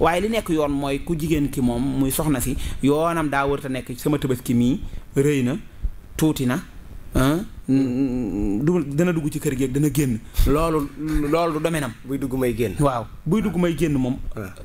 waaye li nekk yoon mooy ku jigéen ki moom muy soxna si yoonam daa wërta nekk sama tabaski mii rëy na tuuti na du dana dugg ci kër gi dana génn loolu loolu du domenam buy dugg may génn waaw buy dugg may génn moom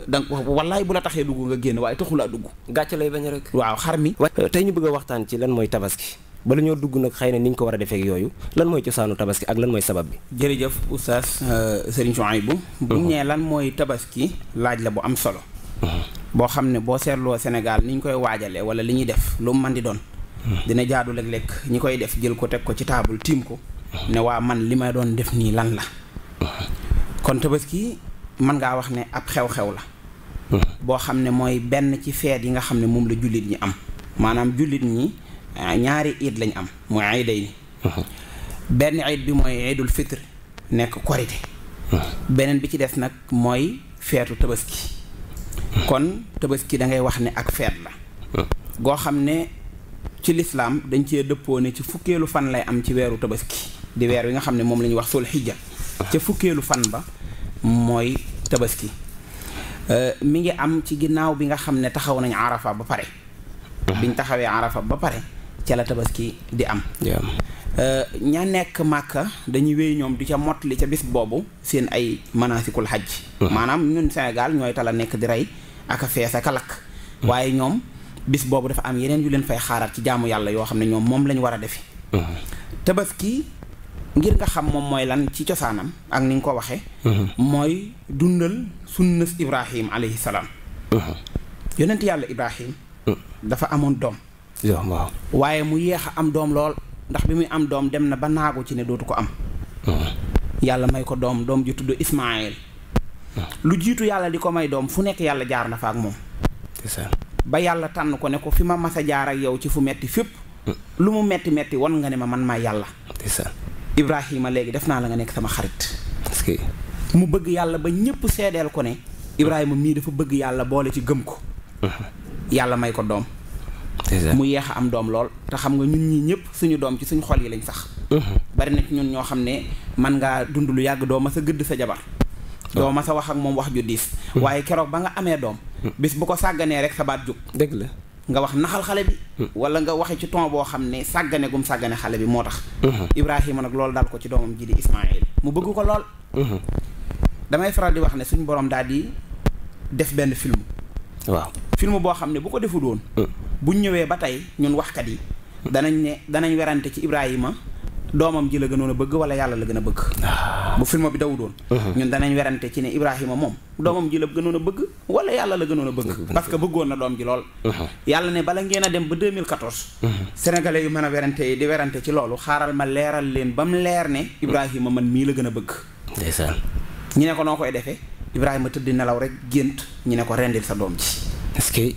danga wallaay bu la taxee dugg nga génn waaye taxulaa dugg gàcce lay bañ rek waaw xar mi tey ñu bëgg a waxtaan ci lan mooy tabaski bala ñoo dugg nag xëy na ni ñu ko war a defee yooyu lan mooy cosaanu tabaski ak lan mooy sabab bi. jërëjëf oustaz euh, Serigne Souaïbou bu ñu uh-huh. nee lan mooy tabaski laaj la bu am solo. Uh-huh. boo xam ne boo seetloo Sénégal ni ñu koy waajalee wala li ñuy def lu mu mën di doon. Uh-huh. dina jaadu léeg lekk ñi koy def jël ko teg ko ci taabul tiim ko. ne waa man li may doon def nii lan la. kon tabaski mën ngaa wax ne ab xew-xew la. boo xam ne mooy benn ci feet yi nga xam ne moom la jullit ñi am maanaam jullit ñi. Ah, ñaari iid lañ am mooy iiday ni mhm. benn iid bi mooy iidul fitre nekk korite mhm. beneen bi ci des nag mooy feetu tabaski mhm. kon tabaski da ngay wax ne ak feet la goo xam ne ci lislaam dañ cee dëppoo ne ci fukkeelu fan lay am ci weeru tabaski di weer wi nga xam ne moom la ñuy wax sul xijja ca fukkeelu fan ba mooy tabaski euh, mi ngi am ci ginnaaw bi nga xam ne taxaw nañ arafa ba pare biñ taxawee arafa ba pare ca la tabaski di am euh, ña nekk màkka dañuy wéy ñoom du ca mott li ca bis boobu seen ay manasikul xaj uh-huh. maanaam ñun Sénégal ñooy tal tala nekk di rey aka fees aka lakk uh-huh. waaye ñoom bis boobu dafa am yeneen yu leen fay xaaraat ci jaamu yàlla yoo xam ne ñoom moom lañ war a defi uh-huh. tabaski ngir nga xam moom mooy lan ci cosaanam ak ni nga ko waxee mooy dundal sunnas Ibrahim alayhi salaam yonent yàlla Ibrahim dafa amoon doom waaw waaye mu yéex a am doom lool ndax bi muy am doom dem na ba naagu ci ne dootu ko am. Hmm. yàlla may ko doom doom ji tudd Ismaayil. Hmm. lu jiitu yàlla di ko may doom fu nekk yàlla jaar na fa ak moom. ba yàlla tànn ko ne ko fi ma mas a jaar ak yow ci fu metti fépp. Hmm. lu mu metti metti wan nga ne ma man may yàlla. Ibrahima léegi def naa la nga nekk sama xarit. mu bëgg yàlla ba ñépp seedeel ko ne. Ibrahima mii dafa bëgg yàlla boole ci gëm ko. yàlla may ko doom. mu yeex am doom lool te xam nga ñun ñii ñëpp suñu doom ci suñu xol yi lañ sax mhm. bari na ci ñun ñoo xam ne man ngaa dund lu yàgg doo ma sa gëdd sa jabar ah. doo ma sa wax ak moom wax ju diis mhm. waaye keroog ba nga amee doom mhm. bis bu ko sàgganee rek sa baat jóg la nga wax naxal xale bi wala nga waxe ci ton boo xam ne sàggane gum sàggane xale bi moo tax ibrahima nag loolu daal ko ci doomam ji di ismaïl mu bëgg ko lool damay faral di wax ne suñ borom daal di def benn film bu ñëwee ba tey ñun waxkat yi danañ ne danañ werante ci Ibrahima doomam ji la gënoon a bëgg wala yàlla la gën a bëgg ah. bu film bi daw doon uh-huh. ñun danañ werante ci ne Ibrahima moom doomam ji la gënoon a bëgg wala yàlla la gënoon a bëgg parce que bëggoon na doom ji lool uh-huh. yàlla ne bala ngeen a dem ba 2014 uh-huh. sénégalais yu mën a werante yi di werante ci loolu xaaral ma leeral leen ba mu leer ne Ibrahima man mii la gën a bëgg ndeysaan ñu ne ko noo koy defee Ibrahima tëdd nelaw rek gént ñu ne ko rendil sa doom ji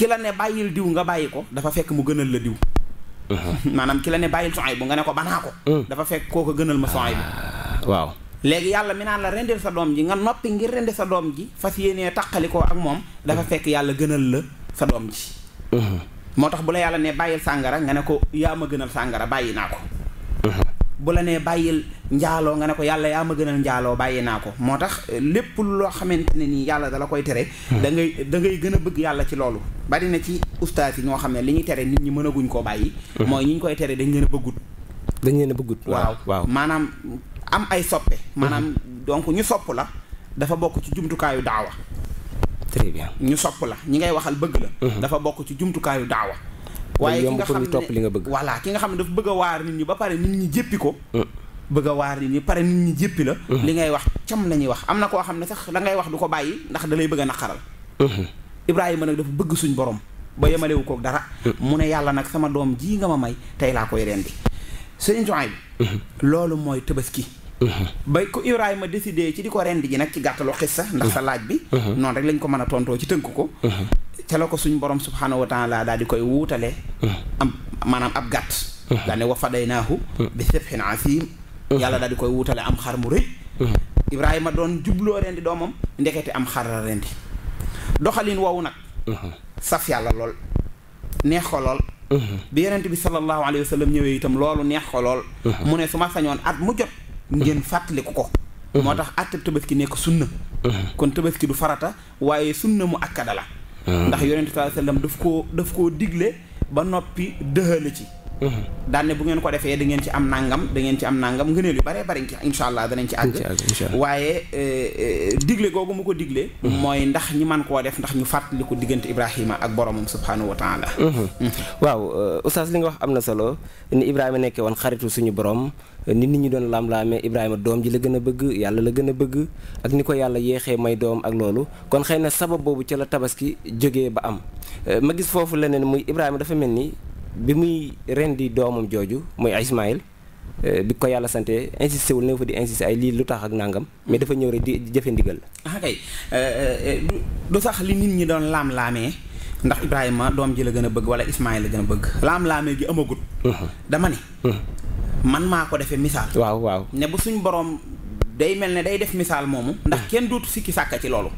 ki la ne bàyyil diw nga bàyyi ko dafa fekk mu gënal la diw uh-huh. maanaam ki la ne bàyyil soxay bu nga ne ko banaa ko uh. dafa fekk kooko gënal ma soxay bu ah, waaw léegi yàlla mi naan la rendil sa doom ji nga noppi ngir rendi sa doom ji fas yéenee koo ak moom dafa fekk yàlla gënal la sa doom ji uh-huh. moo tax bu la yàlla ne bàyyil sàngara nga ne ko yaa ma gënal sàngara bàyyi naa ko uh-huh. bu la nee bàyyil njaaloo nga ne ko yàlla yaa ma gënal njaaloo bàyyi naa ko moo tax eh, lépp loo xamante ne nii yàlla dala koy tere hmm. dangay ngay da gën a bëgg yàlla ci loolu bari na ci ustaas yi ñoo xam ne li ñuy tere nit ñi mënaguñ koo bàyyi hmm. mooy ñi ñu koy tere dañ leen a bëggut dañ a bëggut waaw waaw maanaam am ay soppe hmm. maanaam donc ñu sopp la dafa bokk ci jumtukaayu daawa très bien ñu sopp la ñi ngay waxal bëgg la dafa bokk ci jumtukaayu daawa waaye ki nga xam ne topp li nga bëgg voilà ki nga xam ne dafa bëgg waar nit ñi ba pare nit ñi jéppi ko mm. bëgg waar nit ñi pare nit ñi jéppi la mm. li ngay wax cam la ñuy wax am na koo xam ne sax la ngay wax du ko bàyyi ndax da lay bëgg a naqaral mm-hmm. Ibrahima nag dafa bëgg suñ borom ba yemalewu koog dara mm. mu ne yàlla nag sama doom jii nga ma may tey laa koy rendi sëñ Juwayb mm-hmm. loolu mooy tabaski mm-hmm. ba ko Ibrahima décidé ci di ko rendi ji nag ci gàttalu sax ndax sa laaj bi noonu rek lañ ko mën a tontoo ci tënk ko ca la ko suñ borom subhaanahu wa taala daal di koy wuutale hmm. am maanaam ab gàtt hmm. daa ne wa fadaynaahu hmm. bi sibhin asim yàlla daal di koy wuutale am xar mu rëy ibrahima doon jubloo rendi doomam ndekete am xar la rendi doxalin woowu nag saf yàlla lool neex ko lool bi yonent bi sallallahu alayhi wa sallam ñëwee itam loolu neex ko lool mu ne suma ma sañoon at mu jot ngeen fàttaliku ko moo tax at tëbaski nekk sunna kon tëbaski du farata waaye sunna mu akkada la Ah. ndax yonent sallam daf koo daf koo digle ba noppi dëhale ci Mm-hmm. daan ne bu ngeen ko defee da ngeen ci am nangam da ngeen ci am nangam ngëneel yu bare bari ci incha allah danañ ci àgg waaye eh, eh, digle googu mu ko digle mm-hmm. mooy ndax ñi man koo def ndax ñu fàttali ko diggante ibrahima ak boromam subhaanahu wa taala mm-hmm. waaw eh, oustaz li nga wax am na solo ni ibrahima nekkee woon xaritu suñu borom ni nit ñi doon lamlaame ibrahima doom ji la gën a bëgg yàlla la gën a bëgg ak ni ko yàlla yéexee may doom ak loolu kon xëy na sabab boobu ci la tabaski jógee ba am gis foofu leneen muy ibrahima dafa mel ni bi muy ren di doomam jooju muy Ismaïl euh, bi ko yàlla sante insisté wul ne fa di insisté ay lii lu tax ak nangam mais dafa ñëw rek di jëfe ndigal la. ah kay euh, euh, du sax li nit ñi doon laam-laamee ndax Ibrahima doom ji la gën a bëgg wala Ismaïl la gën a bëgg laam laame gi amagut. dama ne. man maa ko defee misaal. waaw waaw ne bu suñ borom day mel ne day def misaal moomu. ndax kenn dootu sikki sàkk ci loolu.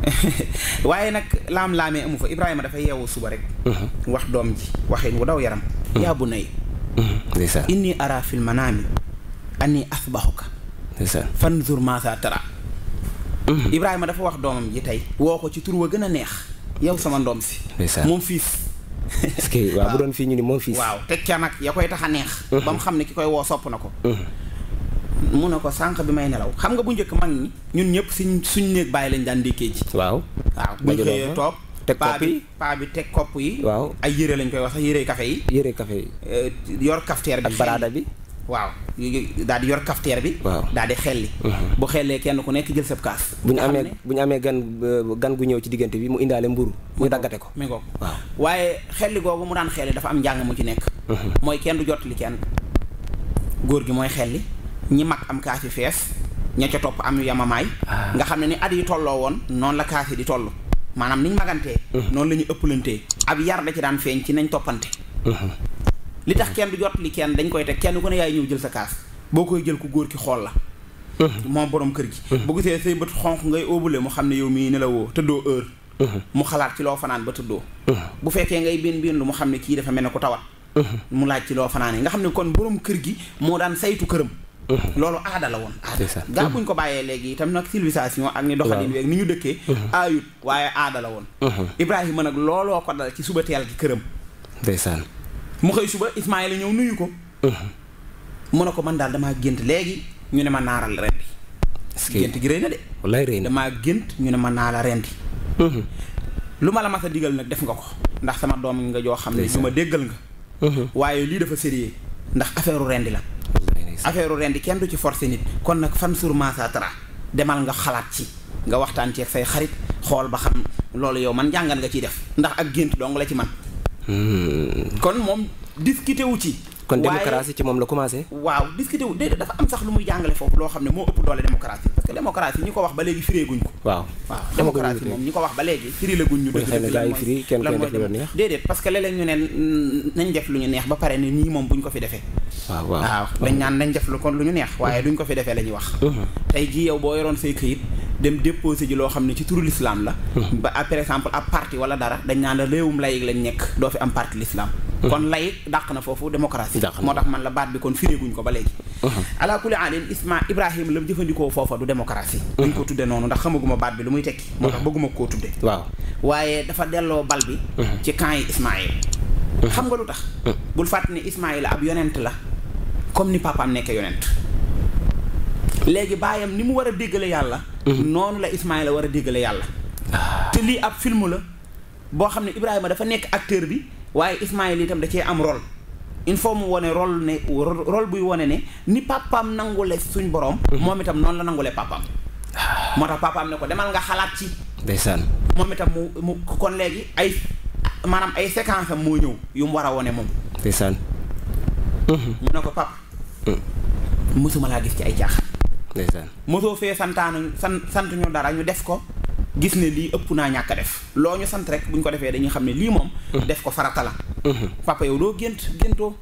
waaye nag laam-laamee amu fa Ibrahima dafa yeewu suba rek. Mhm. wax doom ji waxin wu daw yaram. Mhm. yaa bu nay. Mhm. ndeysaan inni ara fil manaami anni asbahuka. ndeysaan fanzur maasa tara. Ibrahima dafa wax doomam ji tey. woo ko ci tur wa gën a neex. yow sama ndoom si. ndeysaan moom fiis. est waaw bu doon fii ñu ni moom fiis. waaw teg ca nag ya koy tax a neex. ba mu xam ne ki koy woo sopp na ko. mu ne ko sànq bi may nelaw xam nga bu njëkk mag ñi ñun ñëpp suñ suñ néeg bàyyi lañ daan ndékkee ji waaw waaw buñ xëyee toog teg paa bi paa bi teg kopp yi waaw ay yëre lañ koy wax sax yére café yi yëre kafe yi eh, yor kafteer bi baraada bi waaw daal di yor kafteer bi waaw daal di xelli mhm. bu xellee kenn ku nekk jël sab kaas bu ñu amee bu ñu amee gan eh, gan gu ñëw ci diggante bi mu indaale mburu ñu daggate ko mi ko waaw waaye xelli googu mu daan xelli dafa am njàng mu ci nekk mhm. mooy kenn du jot li kenn góor gi mooy xelli ñi mag am kaas yu fees ña ca topp am yu yamamaay ah. nga xam ne ni at yi tolloo woon noonu la kaas yi di toll maanaam niñ magantee mm-hmm. noonu la ñu ëppalantee ab yar da ci daan feeñ ci nañ toppante mm-hmm. li tax kenn du jot li kenn dañ koy teg kenn ku ne yaay ñëw jël sa kaas boo koy jël ku góor ki xool la mm-hmm. moom borom kër gi bu gisee say bët xonq ngay óobule mu xam ne yow mii ne la woo tëddoo heure mu xalaat ci loo fanaan ba tëddoo bu fekkee ngay biin biin lu mu xam ne kii dafa mel ne ku tawat mu laaj ci loo fanaan yi nga xam ne kon borom kër gi moo daan saytu këram loolu aada la woon aada gaa buñ ko bàyyee léegi itam nag civilisation ak ni doxalin weeg ni ñu dëkkee uh-huh. aayut waaye aada la woon uh-huh. ibrahima nag looloo ko dal ci suba teel gi këram ndeysaan mu xëy suba ismaayila ñëw nuyu ko uh-huh. mu ne ko man daal damaa gént léegi ñu ne ma naaral ren bi gént gi rëy na de wallaay rëy na damaa gént ñu ne ma naala ren lu ma la mas a digal nag def nga ko ndax sama doom nga joo xam ne su ma déggal nga waaye lii dafa sérieux ndax affaire rendi la affaire ren di kenn du ci forcé nit kon nag fan sur masatra demal nga xalaat ci nga waxtaan ceeg say xarit xool ba xam loolu yow man jàngat nga ciy def ndax ak gént dong la ci man hmm. kon moom discuter wu ci kon démocratie ci moom la commencé waaw discuté déedéet dafa am sax lu muy jàngale foofu loo xam ne moo ëpp doole démocratie parce que ñi ko wax ba léegi firéeguñ ko waaw waaw démocratie moom ñi ko wax ba léegi firi laguñ ñu dëgg lan mooy def déedéet parce que ñu ne nañ def lu ñu neex ba pare ne ñii moom buñ ko fi defee waaw waaw dañ naan nañ def lu kon lu ñu neex waaye duñ ko fi defee la wax uh-huh. tey jii yow boo yoroon say këyit dem déposé ji loo xam ne ci turu l'islam la hmm. ba par exemple ab parti wala dara dañ naan la réewum layig lañ nekk doo fi am parti l'islam hmm. kon lay dàq na foofu démocratie moo tax man la baat bi kon firéeguñ ko ba léegi hmm. ala alin isma ibrahima la jëfandikoo foofa du démocratie duñ ko tudde noonu ndax xamaguma baat bi lu muy tekki moo tax bëgguma koo tudde waaw waaye dafa delloo bal bi ci camp yi ismaïl xam nga lu tax bul fàttali la comme ni papaam nekk yonent léegi baayam ni mu a déggale yàlla Mhm. noonu la Ismaïla war a déggale yàlla ah. te lii ab film la boo xam ne Ibrahima dafa nekk acteur bi waaye Ismaïla itam da cee am rôle il faut mu wone rôle ne rôle buy wone ne ni papaam nangule suñ boroom mhm. moom itam noonu la nangule papaam ah. moo tax papaam ne ko demal nga xalaat ci ndeysaan moom itam mu mu kon léegi ay maanaam ay séquence am moo ñëw yu mu war a wone moom ndeysaan mu ne ko pap mosuma mm. laa gis ci ay jaaxal ndeysaan mosoo fee santaanu san sant ñu dara ñu def ko gis ne lii ëpp naa ñàkk def loo ñu sant rek buñ ko defee dañuy xam ne lii moom mm-hmm. def ko farata la mm-hmm. papa yow doo gént géntoo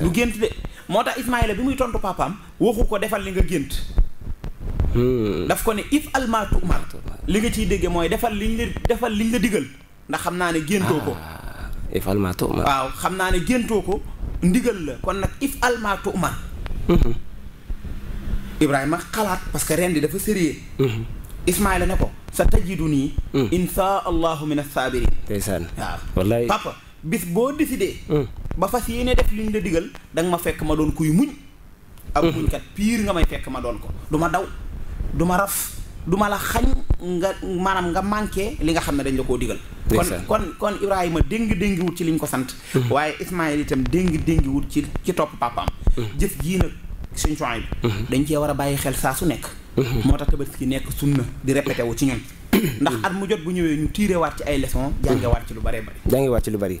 du gént de moo tax Ismaïla bi muy tontu papaam waxu ko defal li nga gént mm-hmm. daf ko ne if almaatu umar li nga ciy déggee mooy defal liñ la defal liñ la digal ndax xam naa ne géntoo ko ah, if almaatu umar waaw xam naa ne géntoo ko ndigal la kon nag if almaatu umar Ibrahima xalaat parce que ren di dafa sérieux mhm. Ismaïla ne ko sa tajidu nii mhm. insha allahu min assaabiriin ndeysaan waaw wallaay papa bis boo décidé mhm. ba fas yéene def liñ la digal danga ma fekk ma doon kuy muñ ak muñkat pire nga may fekk ma doon ko du ma daw du ma raf du ma la xañ nga maanaam nga manqué li nga xam ne dañ la koo digal kon kon kon Ibrahima déng déngiwut ci liñ ko sant waaye Ismaïla itam déng déngiwut ci ci topp papaam jëf jii nag suñ coin bi mhm. dañ cee war a bàyyi xel saa su nekk mhm. moo tax ki nekk sunna di répété wu ci ñun ndax at mu jot bu ñëwee ñu tiire waat ci ay leçons jànge waat ci lu bëree bëri jànge ci lu bëri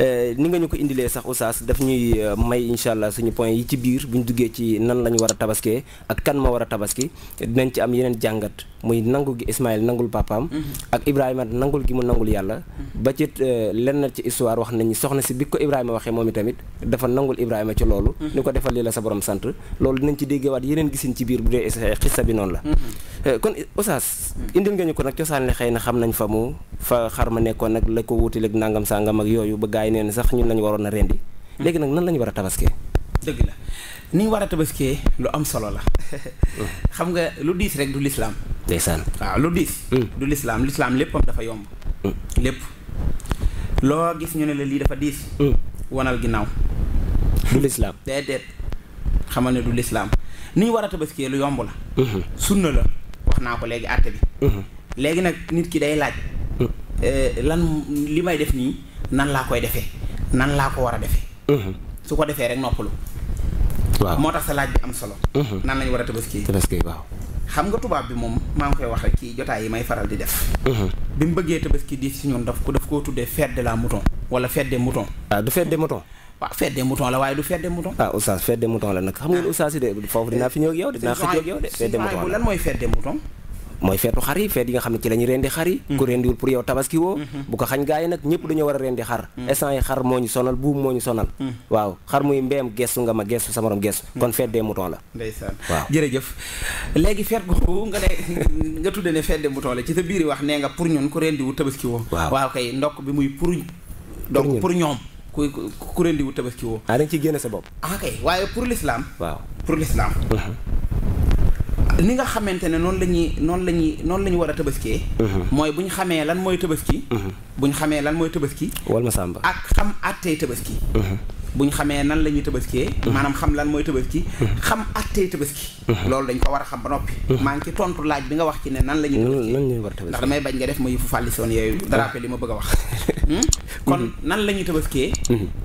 euh, ni nga ñu ko indilee sax oustaz daf ñuy euh, may incha suñu point yi ci biir bu ñu duggee ci nan la ñu war a tabaskee ak kan ma war a tabaski dinañ ci am yeneen jàngat muy nangu gi Ismaël nangul papaam mm-hmm. ak Ibrahima nangul gi mu nangul yàlla mm-hmm. ba ci euh, lenn ci histoire wax nañu soxna si bi ko Ibrahima waxee moom itamit dafa nangul Ibrahima ci loolu mm-hmm. ko defal li la borom sant loolu dinañ ci déggeewaat yeneen gisin ci biir bu dee xissa bi noonu la kon oustaz ñu ko nag cosaan li xëy na xam nañ fa mu fa xar ma nekkoon nag la ko wutileeg nangam sangam ak yooyu ba gars yi nee na sax ñu lañu waroon a rendi hmm. léegi nag nan la war a tabaskee. dëgg la ni ñu war a tabaskee lu am solo la. xam nga lu diis rek du lislaam. ndeysaan waaw lu diis. Hmm. du lislaam lislaam léppam dafa yomb. Hmm. lépp loo gis ñu ne lii dafa diis. wanal ginnaaw. du lislaam déedéet xamal ne du lislaam ni war a tabaskee lu yomb la. wax naa ko léegi àtte bi. léegi nag nit ki day laaj. Hmm. Euh, lan li may def nii nan laa koy defee nan laa ko war a defee. Hmm. su ko defee rek noppalu. waaw moo tax sa laaj bi am solo. Hmm. nan lañu war a tabaski. tabaski waaw. xam nga tubaab bi moom maa ngi koy wax rek ci jotaay yi may faral di def. bi mu bëggee ki di si ñun daf ko daf koo tuddee fête de la mouton wala fête des moutons. ah du fête des moutons. waaw fête des moutons la waaye du fête des moutons. ah oustaz fête des moutons la nag xam nga ah. oustaz yi de foofu dinaa fi ñëw ak yow de mooy feetu xar yi feet yi nga xam ne ci lañuy ñuy rendi xar yi mm-hmm. ku rendiwul pour yow tabaski woo mm-hmm. bu ko xañ gaa yi nag ñëpp dañoo war a rendi xar instant mm-hmm. yi xar moo ñu sonal buub moo ñu sonal waaw xar muy mbeem gestu nga ma gestu sa morom gestu kon feet des moutons la ndeysaan waaw jëf léegi feet googu nga ne nga tudde ne feet des moutons la ci sa biir wax nee nga pour ñun ku rendiwul tabaski woo waaw kay ndokk bi muy pour donc pour ñoom ku ku rendiwul tabaski woo ah da nga ciy génne sa bopp ah kay waaye pour l'islam waaw pour l'islam ni nga xamante ne noonu lañuy noonu la ñuy noonu la ñu war a tabaskee mhm. mooy bu ñu xamee lan mooy tabaski mhm. bu ñu xamee lan mooy tabaski wal ma sàmba ak xam attey tabaski mhm. bu ñu xamee nan la ñuy tabaskee maanaam xam lan mooy tabaski xam attey tabaski loolu dañ ko war a xam ba noppi maa ngi ci tontu laaj bi nga wax ci ne nan la ñuy tabaskee ndax damay bañ nga def ma yëfu fàllisoon yooyu drapé li ma bëgg a wax hmm? kon nan la ñuy tabaskee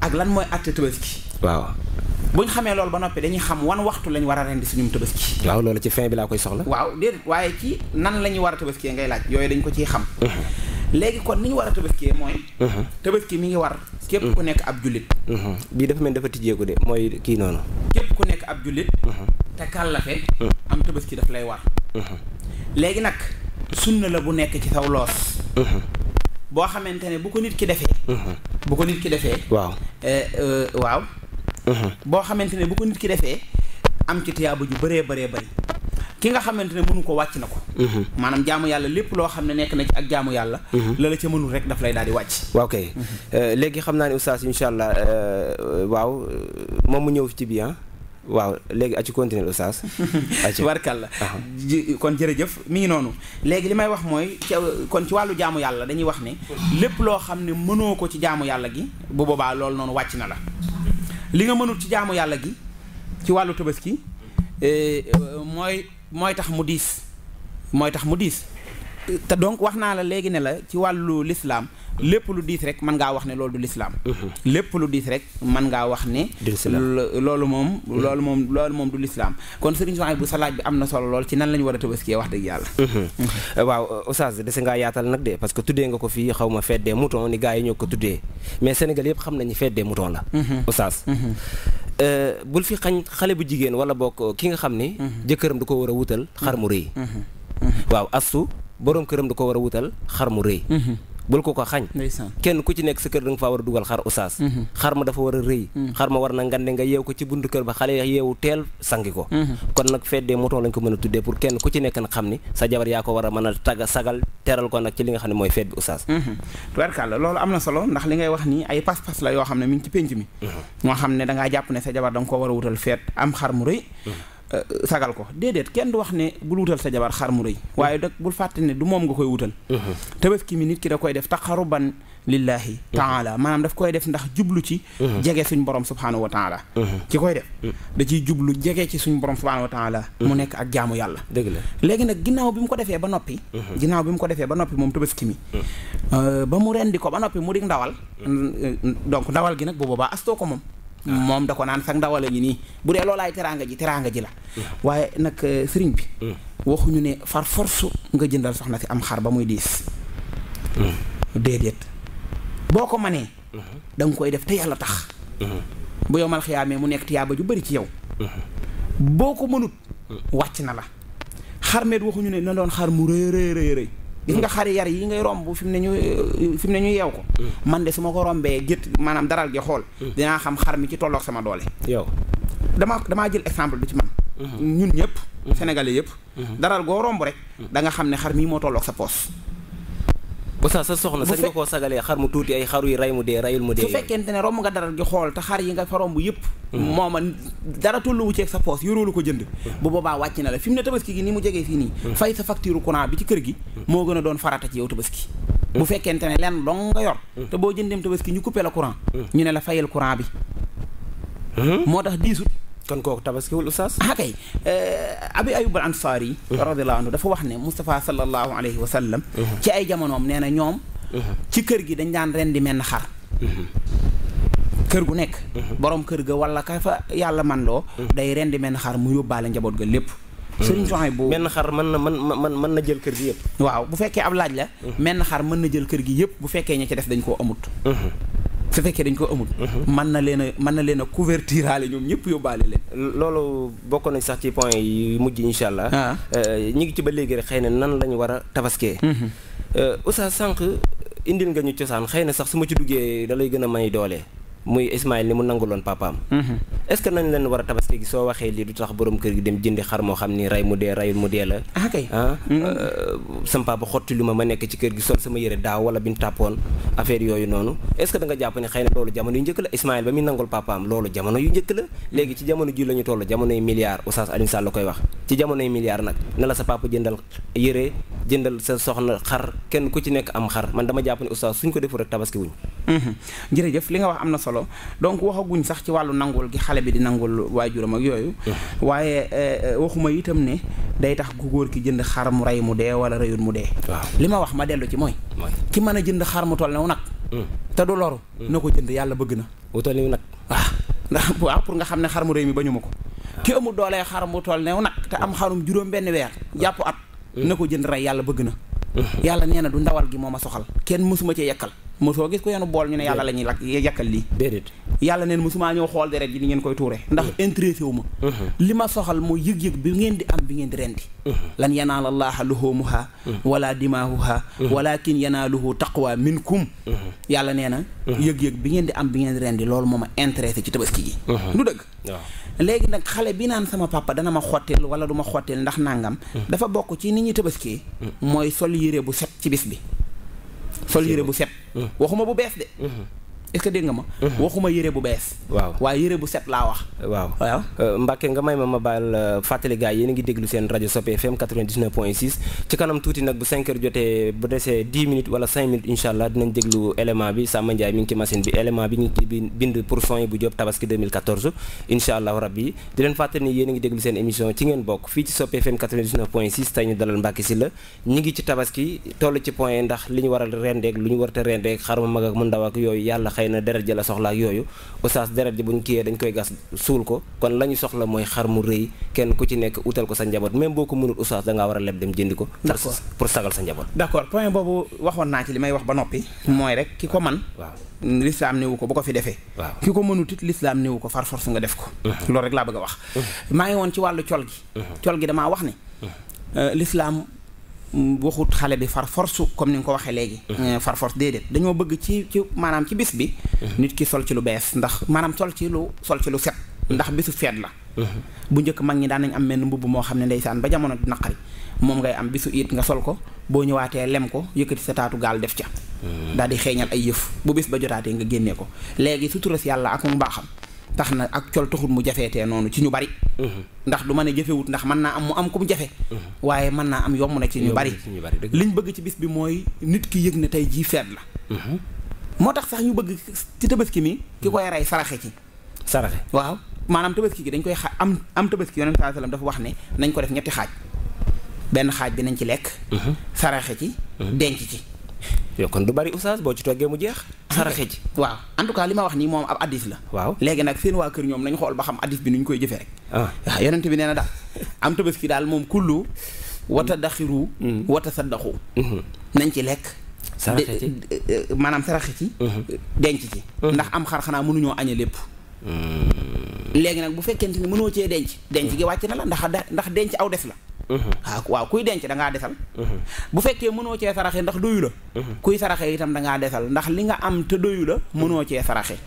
ak lan mooy atte tabaski waaw buñ xamee loolu ba noppi dañuy xam wan waxtu lañ war a rendi suñum tabaski waaw loolu ci fin bi laa koy soxla waaw déedéet waaye ci nan la ñuy war a tabaskiyee ngay laaj yooyu dañ ko ciy xam léegi kon ni ñu war a tabaskiyee mooy tabaski mi ngi war ku nekk ab jullit bii dafa mel dafa tijjeeku de mooy kii noonu képp ku nekk ab jullit te kàllafe am tabaski daf lay war léegi nag sunna la bu nekk ci saw loos boo xamante ne bu ko nit ki defee bu ko nit ki defee waaw eh, eh, waaw boo xamante ne bu ko nit ki defee am ci tiyaaba ju baree baree bëri ki nga xamante ne mënu ko wàcc na ko maanaam jaamu yàlla lépp loo xam ne nekk na ci ak jaamu yàlla la la ca mënul rek daf lay daal di wàcc waaw euh, léegi xam naa ne oustaz insha allah euh, waaw moom mu ñëw ci biir ah. waaw léegi a ci continuer oustaz warkal la ah. kon jërëjëf mi ngi noonu léegi li may wax mooy ci kon ci wàllu jaamu yàlla dañuy wax ne lépp loo xam ne mënoo ko ci jaamu yàlla gi bu boobaa loolu noonu wàcc na la li nga mënul ci jaamu yàlla gi ci wàllu tabaski eh, mooy mooy tax mu diis mooy tax mu diis te donc wax naa la léegi ne la ci wàllu lislaam lépp lu diis rek mën ngaa wax ne loolu du lislaam mhm. lépp lu diis rek man ngaa wax ne loolu moom mhm. loolu moom loolu moom du lislaam kon sëriñ Sohaybu bu sa laaj bi am na solo lool ci nan lañu war a tabaskiyee wax dëgg yàlla mhm. waaw Oustaz dese ngaa yaatal nag de parce que tuddee nga ko fii xaw ma fête des moutons ni gars yi ñoo ko tuddee mais Sénégal yëpp xam nañu fête des moutons la Oustaz euh, bul fi xañ xale bu jigéen wala bokk ki nga xam ni jëkkëram du ko war a wutal xar mu rëy waaw astu boroom këram du ko war a wutal xar mu rëy bul ko ko xañ kenn ku ci nekk sa kër da nga faa war a dugal xar usaas mhm. xar ma dafa war a rëy mhm. xar ma war na ngande nga yeew ko ci buntu kër ba xale yeewu teel sangi ko mhm. kon nag fête des moutons lañ ko mën a tuddee pour kenn ku ci nekk nag xam ni sa jabar yaa ko war a mën a tagga sagal teral ko nag ci li nga xam ne mooy fête bi usaas tubarkàlla loolu am na solo ndax li ngay wax nii ay pas-pas la yoo xam ne mi ngi ci pénc mi moo xam ne dangaa jàpp ne sa jabar da nga ko war a wutal fête am xar mu rëy Euh, sagal ko déedéet kenn du wax ne bul wutal sa jabar xar mu rëy waaye dag bul fàtte ne du moom nga koy wutal mhm. tabaski mi nit ki da koy def taqarruban lillahi mhm. taala maanaam daf koy def ndax jublu ci mhm. jege suñ borom subhaanahu wa taala ki koy def da ciy jublu jege ci suñ borom subhaanahu wa taala mu nekk ak jaamu yàlla la léegi nag ginnaaw bi mu ko defee ba noppi ginnaaw bi mu ko defee ba noppi moom tabaski mi euh, ba mu rendi ko ba noppi mu dig ndawal euh, donc ndawal gi nag moom da ko naan sax ndawala ngi nii bu dee loolaay teraanga ji teraanga ji la mm. waaye nag euh, sëriñ bi mm. waxuñu ne far force nga jëndal soxna si am xar ba muy diis mm. déedéet boo ko manee mm-hmm. danga koy def te yàlla tax mm-hmm. bu yow mal xiyaamee mu nekk tiyaaba ju bari ci yow mm-hmm. boo ko mënut wàcc na la xarmeet waxuñu ne na doon xar mu rëy gis nga xari yar yi ngay romb fi mu ne ñu eh, fi mu ne ñu yeew ko mm. man de su ma ko rombee gétt maanaam daral gi xool mm. dinaa xam xar mi ci tolloog sama doole yow dama damaa jël exemple bi ci man mm-hmm. ñun ñëpp mm-hmm. sénégalais yëpp mm-hmm. daral goo romb rek da nga xam ne xar mii moo tolloog sa poos oustaz sa soxna sañ nga koo sagalee xar mu tuuti ay xaru yi ray mu dee rayul mu dee su fekkente ne romb nga dara gi xool te xar yi nga fa romb yëpp hmm. mooma dara tolluwu ceeg sa poos yoróolu ko jënd hmm. bu boobaa wàcc na la fi mu ne tabaski gi ni mu jegee fii nii hmm. fay sa facture courant bi ci kër gi moo gën a doon farata ci yow tabaski bu fekkente ne lenn dong nga yor te boo jëndeem tabaski ñu coupé la courant ñu ne la fayal courant bi moo tax diisut kon kooku tabaskiwul oustaz. ah kay eh, abi ayub al ansaari. Uh-huh. radiyallahu anhu dafa wax ne Moustapha sallallahu alayhi wa sallam. Uh-huh. ci ay jamonoom nee na ñoom. Uh-huh. ci kër gi dañ daan rendi menn xar. kër gu nekk boroom kër ga wala ka yàlla man loo day rendi menn xar mu yóbbaale njaboot ga lépp sëriñ soxay bu menn xar mën na mën mën mën na jël kër gi yëpp waaw bu fekkee ab laaj la menn xar mën na jël kër gi yëpp bu fekkee ña ci def dañ koo amut su fekkee dañ ko amul. Mhm. mën na leen a mën na leen a couverture aale ñoom ñëpp yóbbaale leen. loolu bokk nañ sax ci point yi mujj incha allah. Ah. Euh, ñi ngi ci ba léegi rek xëy na nan lañu war a tabaskee. Mhm. Euh, Oustaz sànq indil nga ñu cosaan xëy na sax su ma ci duggee da lay gën a may doole. muy Ismaël ni mu nanguloon papaam. Mhm. est-ce que leen war a tabaski gi soo waxee lii du tax borom kër gi dem jëndi xar moo xam ni rey mu dee rey mu dee la. ah kay ah, mhm. euh, sama papa xotti lu ma ma nekk ci kër gi sol sama yëre daaw wala bi ñu tàppoon affaire yooyu noonu est-ce que da nga jàpp ne xëy na loolu jamono yu njëkk la Ismaël ba muy nangul papaam loolu jamono la mhm. léegi ci jamono ji la ñu toll jamonoy milliards Oustaz Alioune la koy wax ci jamonoy milliards nag na la sa papa jëndal yëre jëndal sa soxna xar kenn ku ci nekk am xar man dama jàpp ne Oustaz suñ ko defu tabaski wuñ Mhm. jërëjëf li nga wax am na solo donc waxaguñ sax ci wàllu nangul gi xale bi di nangul waajuram ak yooyu mhm. waaye eh, waxuma itam ne day tax ku góor ki jënd xar mu rey mu dee wala reyul mu dee li ma wax ma dellu ci mooy ki mën a jënd xar mu toll new nag mm. te du loru mm. na ko jënd yàlla bëgg na wutal niw nag waaw ah, ndax waaw ah, pour nga xam ne xar mu rëy mi bañu ma ko ah. ki doolee xar mu toll new nag te am xarum juróom weer jàpp at mm. na ko jënd rey yàlla bëgg na yàlla nee na du ndawal gi moo ma soxal kenn mësuma ci yekkal mosoo gis ku yenu bool ñu ne yàlla la ñuy lakk yàkkal lii déedéet yàlla neen mosumaa ñëw xool deret ji ni ngeen koy tuure ndax mm-hmm. intéressé wu mm-hmm. li ma soxal mooy yëg-yëg bi ngeen di am bi ngeen di rendi mm-hmm. lan yanaala allaaha luhumuha wala dimaahuha walakin yanaaluhu taqwa minkum yàlla nee na yëg-yëg bi ngeen di am bi ngeen di rendi loolu moo a intéressé ci tabaski gi du dëgg léegi nag xale bi naan sama papa dana ma xotteel wala du ma ndax nàngam dafa bokk ci nit ñuy tabaski mooy sol yére bu set ci bis bi sol yére bu set waxuma bu bees de mm-hmm. est dégg nga ma. waxuma yére bu bees. waaw waaye yére bu set laa wax. waaw waaw euh, nga may ma ma euh, fàttali gars yi ngi déglu seen rajo Sope FM ci kanam tuuti nag bu jotee bu desee 10 minutes wala minutes incha allah dinañ déglu élément bi Samba mi ngi ci machine bi élément bi ngi ci bind pour son yi bu Diop tabaski 2014 allah rabbi di leen ngi déglu seen émission ci ngeen bokk fii ci Sope FM tey ñu dalal Mbacke Sylla ñi ngi ci tabaski xëy na deret ja la soxla ak yooyu oustaz deret ji buñ kiyee dañ koy gas suul ko kon la soxla mooy xar mu rëy kenn ku ci nekk utal ko sa njaboot même boo ko mënul oustaz dangaa war a leb dem jëndi ko pour point boobu waxoon naa ci li may wax ba noppi mooy rek ki ko man lislaam néewu ko bu ko fi defee ki ko mënut it lislaam néewu ko far force nga def ko loolu rek laa bëgg a wax maa ngi woon ci wàllu col gi col gi damaa wax ne euh, lislaam waxut xale bi far force comme ni nga ko waxee léegi. Euh, far force déedéet dañoo bëgg ci ci maanaam ci bis bi. Mhm. nit ki sol ci lu bees ndax maanaam sol ci lu sol ci lu set. Mhm. ndax bisu feet la. Mhm. bu njëkk mag ñi daan nañ am menn mbubb moo xam ne ndeysaan ba jamono naqari moom ngay am bisu it nga sol ko boo ñëwaatee lem ko yëkkati sa taatu gaal def ca. daal di xeeñal ay yëf bu bis ba jotaatee nga génnee ko léegi su si yàlla ak mu baaxam. tax na ak col taxul mu jafeetee noonu ci ñu bari mhm. ndax du ma ne jafewut ndax mën naa am mu am ku mu jafe mhm. waaye mën naa am yomb na ci ñu bari li ñu bëgg ci bis bi mooy nit ki yëg na tey jii feet la mhm. moo tax sax ñu bëgg ci tabaski mi ki koy rey saraxe ci saraxe waaw maanaam tabaski gi dañ koy xa am am tabaski yonent saa sallam dafa wax ne nañ ko def ñetti xaaj benn xaaj bi nañ ci lekk saraxe ci denc ci yow kon du bari oustaz boo ci toggee mu jeex saraxe ci waaw en tout cas li ma wax nii moom ab addis la waaw léegi nag seen waa kër ñoom nañu xool ba xam addis bi nu ñu koy jëfee rek ah. yonent bi nee na daal am tabaski daal moom kullu wata daxiru mm-hmm. wata saddaxu mm-hmm. nañ ci lekk saraxe ci saraxe ci mm-hmm. denc ci ndax am xar xanaa mënuñoo añe lépp léegi nag bu fekkente ni mënoo cee denc denc gi wàcc na la ndax ndax denc aw des la waaw mm-hmm. ah, waaw kuy denc dangaa ngaa desal mm-hmm. bu fekkee mënoo cee saraxe ndax doyu la mm-hmm. kuy saraxe itam dangaa ngaa desal ndax li nga am te doyu la mënoo cee saraxe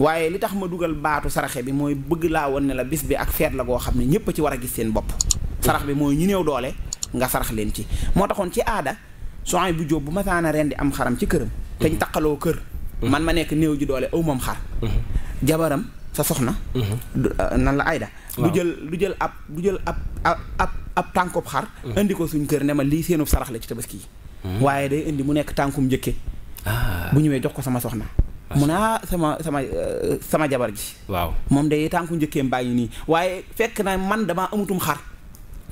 waaye li tax ma dugal baatu saraxe bi mooy bëgg laa woon ne la bis bi ak feet la goo xam ne ñépp a ci war a gis seen bopp sarax bi mooy ñu néew doole nga sarax leen ci moo taxoon ci aada soxna bu jóob bu ma saana ren di am xaram ci këram te ñu taqaloo kër man ma nekk néew ji doole aw moom xar jabaram sa soxna ah, nan la ayda du jël lu jël ab lu jël ab ab ab tànkub xar mm. indi ko suñ kër ne ma lii seenub sarax la ci tabaski yi mm. waaye day indi mu nekk tànkum njëkke ah. bu ñëwee jox ko sama soxna ah. mu naa sama sama euh, sama jabar ji waaw moom day tànku njëkkeem baa ngi nii waaye fekk na man damaa amutum xar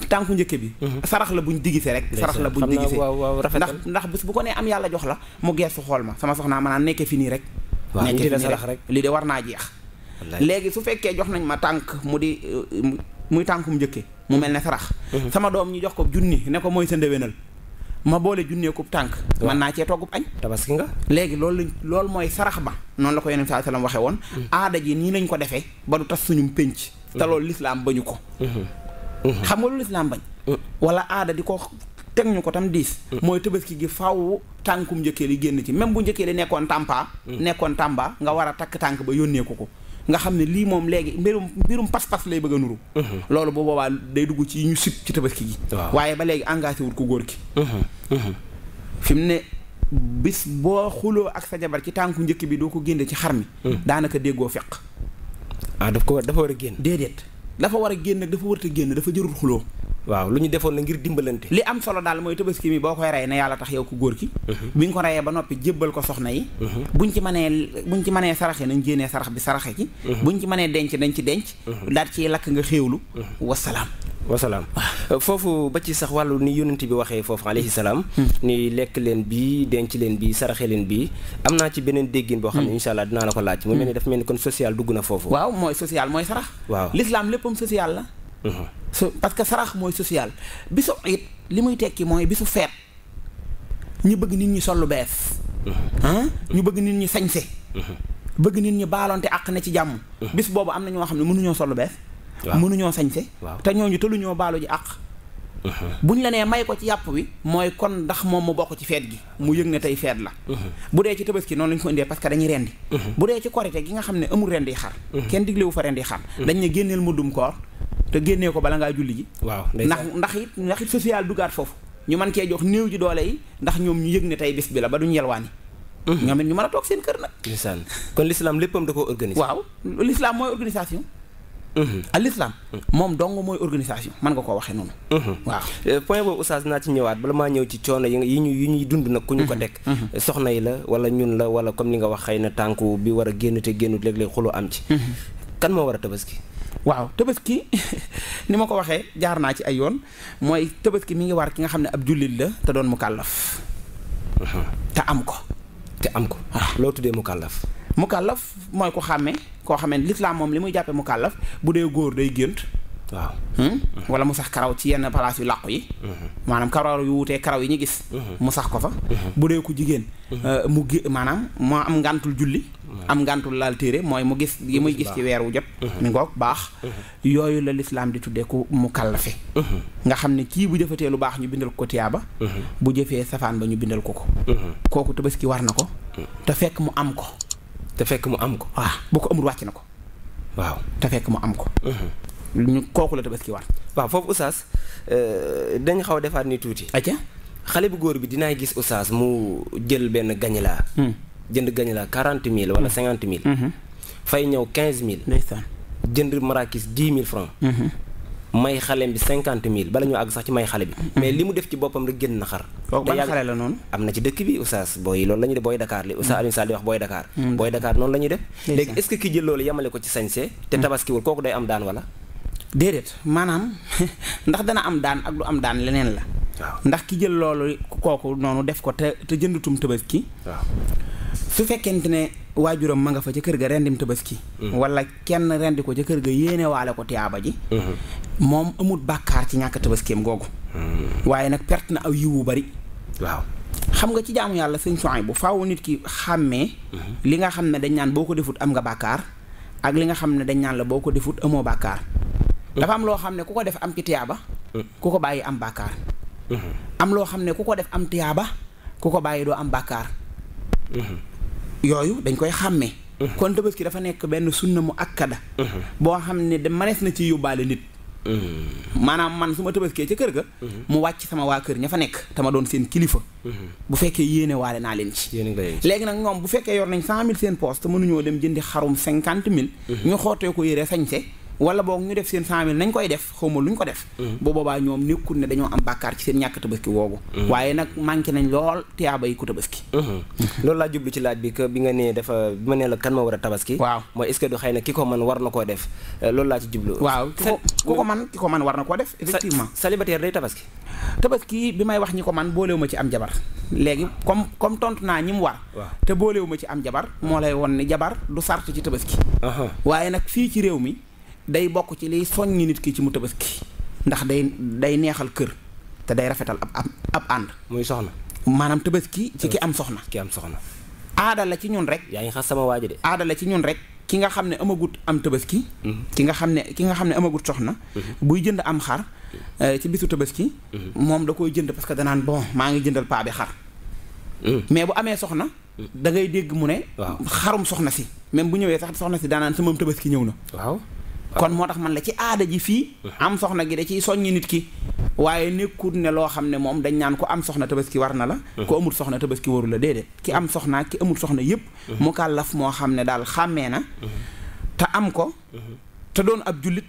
tànku njëkke bi mm-hmm. sarax la buñ digise rek sarax la buñ digise ndax ndax bis bu ko nee am yàlla jox la mu geesu xool ma sama soxnaa maanaam nekke fi nii rek nekke fi nii rek lii de war naa jeex léegi su fekkee jox nañ ma tànk mu di euh, muy tànkum njëkke mu mel ne sarax mhm. sama doom ñu jox ko junni ne ko mooy sa ndéwénal ma boole junneekub tànk man naa cee toggub añ tabaski nga léegi loolu lañ loolu mooy sarax ba noonu la ko yonent saa sallam waxe woon mhm. aada ji nii lañ ko defee ba du tas suñum pénc te mhm. loolu lislaam bañu ko xam nga lu lislaam bañ wala aada di ko teg ñu ko tam diis mooy tabaski gi faaw tànkum njëkkee li génn ci même bu njëkkee li nekkoon tàmpa nekkoon tàmba nga war a takk tànk ba yónnee ko ko nga xam ne lii moom léegi mbirum mbirum pas-pas lay bëgg a nuru mhm. loolu bu boobaa day dugg ci ñu sib ci tabaski gi waaye ba léegi engagé wul ko góor ki mhm, mhm. fi mu ne bis boo xuloo ak sa jabar ci tànku njëkk bi doo ko génne ci xar mi daanaka déggoo feq ah daf ko dafa war a génn déedéet dafa war a génn dafa warut a génn dafa jërul xuloo waaw lu ñu defoon la ngir dimbalante li am solo daal mooy ki mi boo koy rey na yàlla tax yow ko góor ki mhm. bi ñu ko reyee ba noppi jébbal ko soxna yi mhm. buñ ci bu ñu ci mënee saraxee nañ génnee sarax bi saraxe mhm. bu ñu ci mënee denc nañ ci denc daal ciy lakk nga xéewlu wasalaam wasalaam foofu ba ci sax wàllu ni yonent bi waxee foofu alayhi salaam ni lekk leen bii denc leen bii saraxe leen bii am naa ci beneen déggin boo xam ne hmm. incha allah dinaa la ko laaj mu mel ni hmm. dafa mel ni kon social dugg na foofu waaw mooy social mooy sarax waaw l'islam léppam social la hmm. so parce que sarax mooy social bisu it li muy tekki mooy bisu feet ñu bëgg nit ñi sol lu bees ñu bëgg nit ñi sañse bëgg nit ñi baalonte àq na ci jàmm bis boobu am na ñoo xam ne mënuñoo sol lu bees mënuñoo sañse te ñooñu tëluñoo baalu ji àq uh-huh. buñ la nee may ko ci yàpp wi mooy kon ndax moom mu bokk ci feet gi mu yëg ne tey feet la uh-huh. bu dee ci tabaski noonu lañ ko parce que dañuy rendi uh-huh. bu dee ci korite gi nga xam ne amul rendi xar kenn diglewu fa rendi xar dañ ne génneel muddum koor te génnee ko bala ngaa julli ji waaw ndax ndax it ndax it social dugaat foofu ñu man kee jox néew ji doole yi ndax ñoom ñu yëg ne tey bis bi la ba duñ yelwaani ñoom it ñu mën a toog seen kër nag kon l'islam léppam da koo organiser waaw l'islam mooy organisation al mm-hmm. islam moom dong mooy organisation man nga koo waxee noonu mm-hmm. waaw eh, point boobu oustaz naa ci ñëwaat bala maa ñëw ci coono yi yi ñu yi ñuy dund nag ku ñu ko dekk mm-hmm. soxna yi la wala ñun la wala comme ni nga wax xëy na tànku bi war a génn te génnut léeg-léeg xuloo am ci kan moo war a tabaski waaw tabaski ni ma ko waxee jaar naa ci ay yoon mooy tabaski mi ngi war ki nga xam ne ab jullit la te doon mu kàllaf te am ko te am ko ah. loo tuddee mu kàllaf mu kàllaf mooy ku xàmme koo xam xamee lislaam moom li muy jàppee mu bu dee góor day gént waaw hmm? wala mu sax karaw ci yenn palaas yu làqu yi hmm. maanaam karaw yu wutee karaw yi ñu gis hmm. mu sax ko fa bu dee ku jigéen euh, mu gi maanaam moo am ngàntul julli am ngàntul laal téere mooy mu gis yi muy gis ci weer wu jot mi ngoog baax yooyu la lislaam di tuddee ku mu nga xam ne kii bu jëfatee lu baax ñu bindal ko tiyaaba bu jëfee safaan ba ñu bindal ko ko kooku tabaski war na ko te fekk mu am ko te fekk mu am ko. waaw bu ko amul wàcc na ko. waaw te fekk mu am ko. Mhm. ñu kooku la tabaski war. waaw foofu oustaz euh, dañ xaw a defaat ni tuuti. acca xale bu góor bi dinaay gis oustaz mu jël benn gañilaa. Hmm. jënd gañilaa quarante mille. wala hmm. cinquante mille. Mhm. fay ñëw quinze mille. ndeysaan jënd marakis dix mille francs. Mhm. may xale bi cinquante mille bala ñu àgg sax ci may xale bi. Mm-hmm. mais li mu def ci boppam rek génn na xar. kooku ban xale la noonu. am na ci dëkk bi oustaz booy loolu la def booy Dakar li oustaz mm-hmm. Alioune di wax booy Dakar. Mm-hmm. booy Dakar noonu la def. léegi est ki jël loolu yamale ko ci sañse te tabaskiwul kooku day am daan wala. déedéet maanaam ndax dana am daan ak du am daan leneen la. ndax ki jël loolu kooku noonu def ko te te jëndutum tabaski. waaw su fekkente waajuram ma nga fa ca kër ga rendim tabaski mm. wala kenn rendi ko ca kër ga yéene waale ko tiyaaba ji mm-hmm. moom amul bàkkaar ci ñàkk tabaskeem googu mm. waaye nag perte na aw yiwu bari waaw xam nga ci jaamu yàlla sëñ soin bu faaw nit ki xàmmee mm-hmm. li nga xam ne dañ naan boo ko defut am nga bàkkaar ak li nga xam ne dañ naan la boo ko defut amoo bàkkaar mm. dafa am loo xam ne ku ko def am ci tiyaaba ku ko bàyyi am bàkkaar mm-hmm. am loo xam ne ku ko def am tiyaaba ku ko bàyyi doo am bàkkaar yooyu dañ koy xàmmee. kon tabaski dafa nekk benn na mu akkada. boo xam ne de manees na ci yóbbaale nit. maanaam man su ma tabaskee ca kër ga. mu wàcc sama waa kër ña fa nekk te ma doon seen kilifa. bu fekkee yéene waale naa leen ci. léegi nag ñoom bu fekkee yoon nañ cent mille seen poste mënuñoo dem jëndi xarum cinquante mille. Uhuh. ñu xootee ko yére sañse wala boog ñu def seen famille nañ koy def xaw ma lu ko def mm-hmm. bu boobaa ñoom nekkul ne dañoo am bàkkaar ci seen ñàkk tabaski woogu mm-hmm. waaye nag manqué nañ lool tiyaaba yi ku tabaski mm-hmm. loolu laa jublu ci laaj bi bi nga nee dafa bi ma kan ma war a tabaski waaw mooy est-ce que du na ki ko mën war na koo def euh, loolu laa ci waaw ku ko man ki ko man war na koo def effectivement célibataire day tabaski tabaski bi may wax ñi ko man boolewu ma ci am jabar léegi comme comme tontu naa ñi mu war te boolewu ma ci am jabar moo lay won ni jabar du sart ci tabaski waaye nag fii ci réew mi day bokk ci liy soññi nit ki ci mu ki ndax day day neexal kër te day rafetal ab ab ànd. muy soxna. maanaam tabaski ci ki am soxna. ki am soxna. aada la ci ñun rek. yaa sama waa ji ci ñun rek ki nga xam ne amagut am tabaski. Mhm. ki nga xam ne ki nga xam ne amagut soxna. Mhm. buy jënd am xar euh, ci bisu tabaski. Mhm. moom da koy jënd parce que danaan bon maa ngi jëndal paa bi xar. mais bu amee soxna. da ngay dégg mu ne. xarum soxna si. même bu ñëwee sax soxna si daanaan sa moom tabaski ñëw na. kon moo tax man la ci aada ji fii am soxna gi da ciy soññi nit ki waaye nekkut ne loo xam ne moom dañ naan ko am soxna tabaski war na la ku amul soxna tabaski waru la déedéet ki am soxna ki amul soxna yépp mu kàllaf moo xam ne daal xàmmee na te am ko te doon ab jullit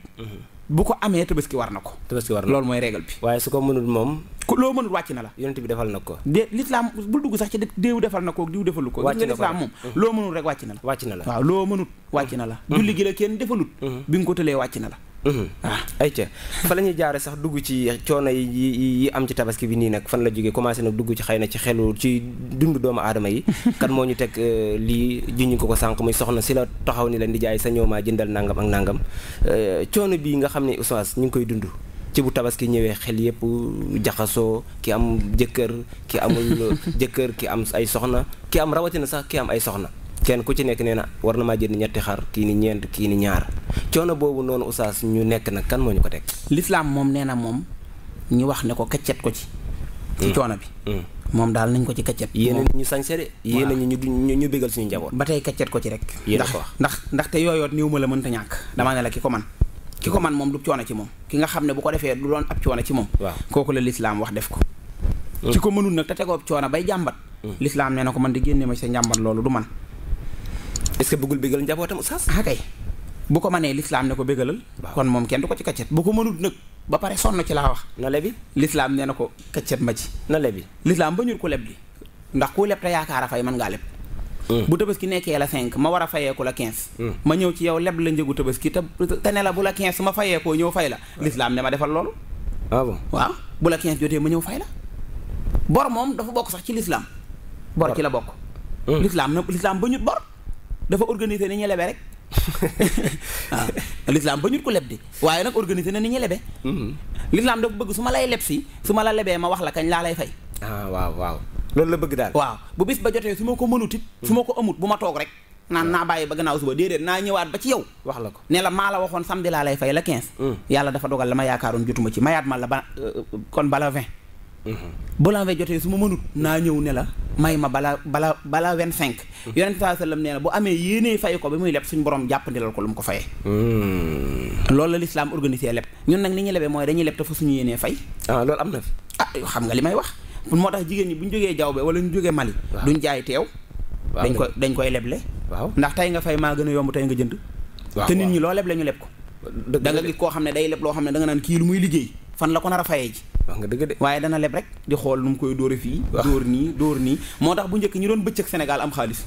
bu ko amee tabaski war na ko. tabaski war na loolu mooy régal bi. waaye su ko mënul moom. ku loo mënul wàcc na la. yonent bi defal na ko. de lislaam bul dugg sax ci déew defal na ko diw defalu ko. wàcc na ko lislaam moom loo mënul rek wàcc na la. wàcc na la waaw loo mënul wàcc na la. Mm-hmm. julli gi la kenn defalut. Mm-hmm. bi nga ko tëlee wàcc na la. Mm-hmm. Ah. ay ca fa la ñuy jaare sax dugg ci coono yi yi am ci tabaski bi nii nag fan la jógee commencé nag dugg ci xëy na ci xelu ci dund doomu aadama yi kan moo ñu teg euh, lii junñu ko ko sànq muy soxna si la taxaw ni leen di jaay sa ñëw maa jëndal nangam ak nangam euh, coono bii nga xam ne oustaz ñu ngi koy dund ci bu tabaski ñëwee xel yëpp jaxasoo ki am jëkkër ki amul jëkkër ki am ay soxna ki am rawatina sax ki am ay soxna kenn ku ci nekk nee na war na maa jënd ñetti xar kii ni ñeent kii ni ñaar coono boobu noonu oustaz ñu nekk nag kan moo ñu ko teg. lislaam moom nee na moom ñu wax ne ko keccet ko ci. ci mm. bi. Mm. moom daal nañ ko ci keccet. yéen ñu sañse de yéen ñu ñu ñu bégal suñu njaboot. ba tey keccet ko ci rek. ndax ndax ndaxte yooyoot néew ma la mënta ñàkk damaa ne la ko man ki ko man moom du coono ci moom ki nga xam ne bu ko defee du doon ab coono ci moom. waaw kooku la lislaam wax def ko. ci mm. mënul nag te tegoo coono bay jàmbat. lislaam nee na ko man di génne ma sa njàmbat loolu du man est-ce que bëggul bégal njabootam oustaz ah kay bu ko mënee lislaam ne ko bégalal kon moom kenn du ko ci kaccet bu ko mënut nag ba pare sonn ci laa wax na lebi lislaam nee na ko kaccet ma ci na lebi lislaam ba ñur ko leb li ndax ku leb hmm. nekkee la 5 ma war a fayeeku la 15 hmm. ma ñëw ci yow leb la njëgu tabaski te te ne la bu la 15 ma fayeekoo ñëw fay la hmm. lislaam ne ma defal loolu ah waaw bu la jotee ma ñëw fay la bor moom dafa bokk sax ci lislaam bor ci la bokk lislaam na lislaam ba ñut bor dafa organiser ni ñuy lebe rek waaw ah. ah. l'islam ba ñu ko leb di waaye nag organiser na ni ñuy lebe mm-hmm. l'islam dafa bëgg su ma lay leb si su ma la lebee ma wax la kañ laa lay fay ah, waaw waaw loolu la bëgg daal waaw bu bis ba jotee su ma ko mënutit su ma ko amut bu ma toog rek naan naa bàyyi ba gannaaw suba déedéet naa ñëwaat ba ci yow wax la ko ne maa la waxoon samedi laa lay fay la quinze mm. yàlla dafa dogal la ma yaakaaroon jotuma ci mayaat ma la ba euh, kon bala vingt bu la jotee su ma mënut naa ñëw ne la may ma balaa bala balaa vingt cinq mm-hmm. yonent saa sallam nee na bu amee yéenee fay ko bi muy leb suñ borom jàppandilal ko lu mu ko fayee mm. loolu la lislaam organisé leb ñun nag ni ñu lebee mooy dañuy leb te fa suñu yéenee fay ah loolu am na fi ah xam nga li may wax moo tax jigéen ñi bu ñu jógee jawbe wala ñu jógee Mali duñ jaay teew dañ koy dañ koy leble waaw ndax tey nga fay maa gën a yomb tey nga jënd te nit ñi loo leble ñu leb ko da nga koo xam ne day leb loo xam ne da naan kii muy liggéey fan la ko nar a fayee ji wax nga dëgg de waaye dana leb rek di xool nu mu koy dóore fii dóor nii dóor nii moo tax bu njëkk ñu doon bëccëg Sénégal am xaalis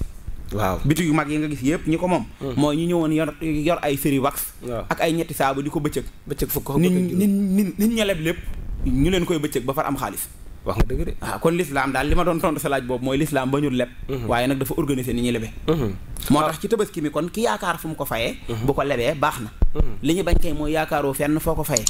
waaw bitig yu mag yi nga gis yëpp ñi ko moom hmm. mooy ñu ñëwoon yor yor ay séri wax ak ay ñetti saabu di ko bëccëg bëccëg fukk nit nit nit ña leb lépp ñu leen koy bëccëg ba far am xaalis wax nga dëgg de ah kon lislaam daal li ma doon tontu sa laaj boobu mooy lislaam ba ñu leb mhm. waaye nag dafa organiser ni ñuy lebe mhm. moo tax ah. ci tabaski mi kon ki yaakaar fu mu ko fayee mhm. bu ko lebee baax na li ñu bañ kay mooy yaakaaroo fenn foo ko fayee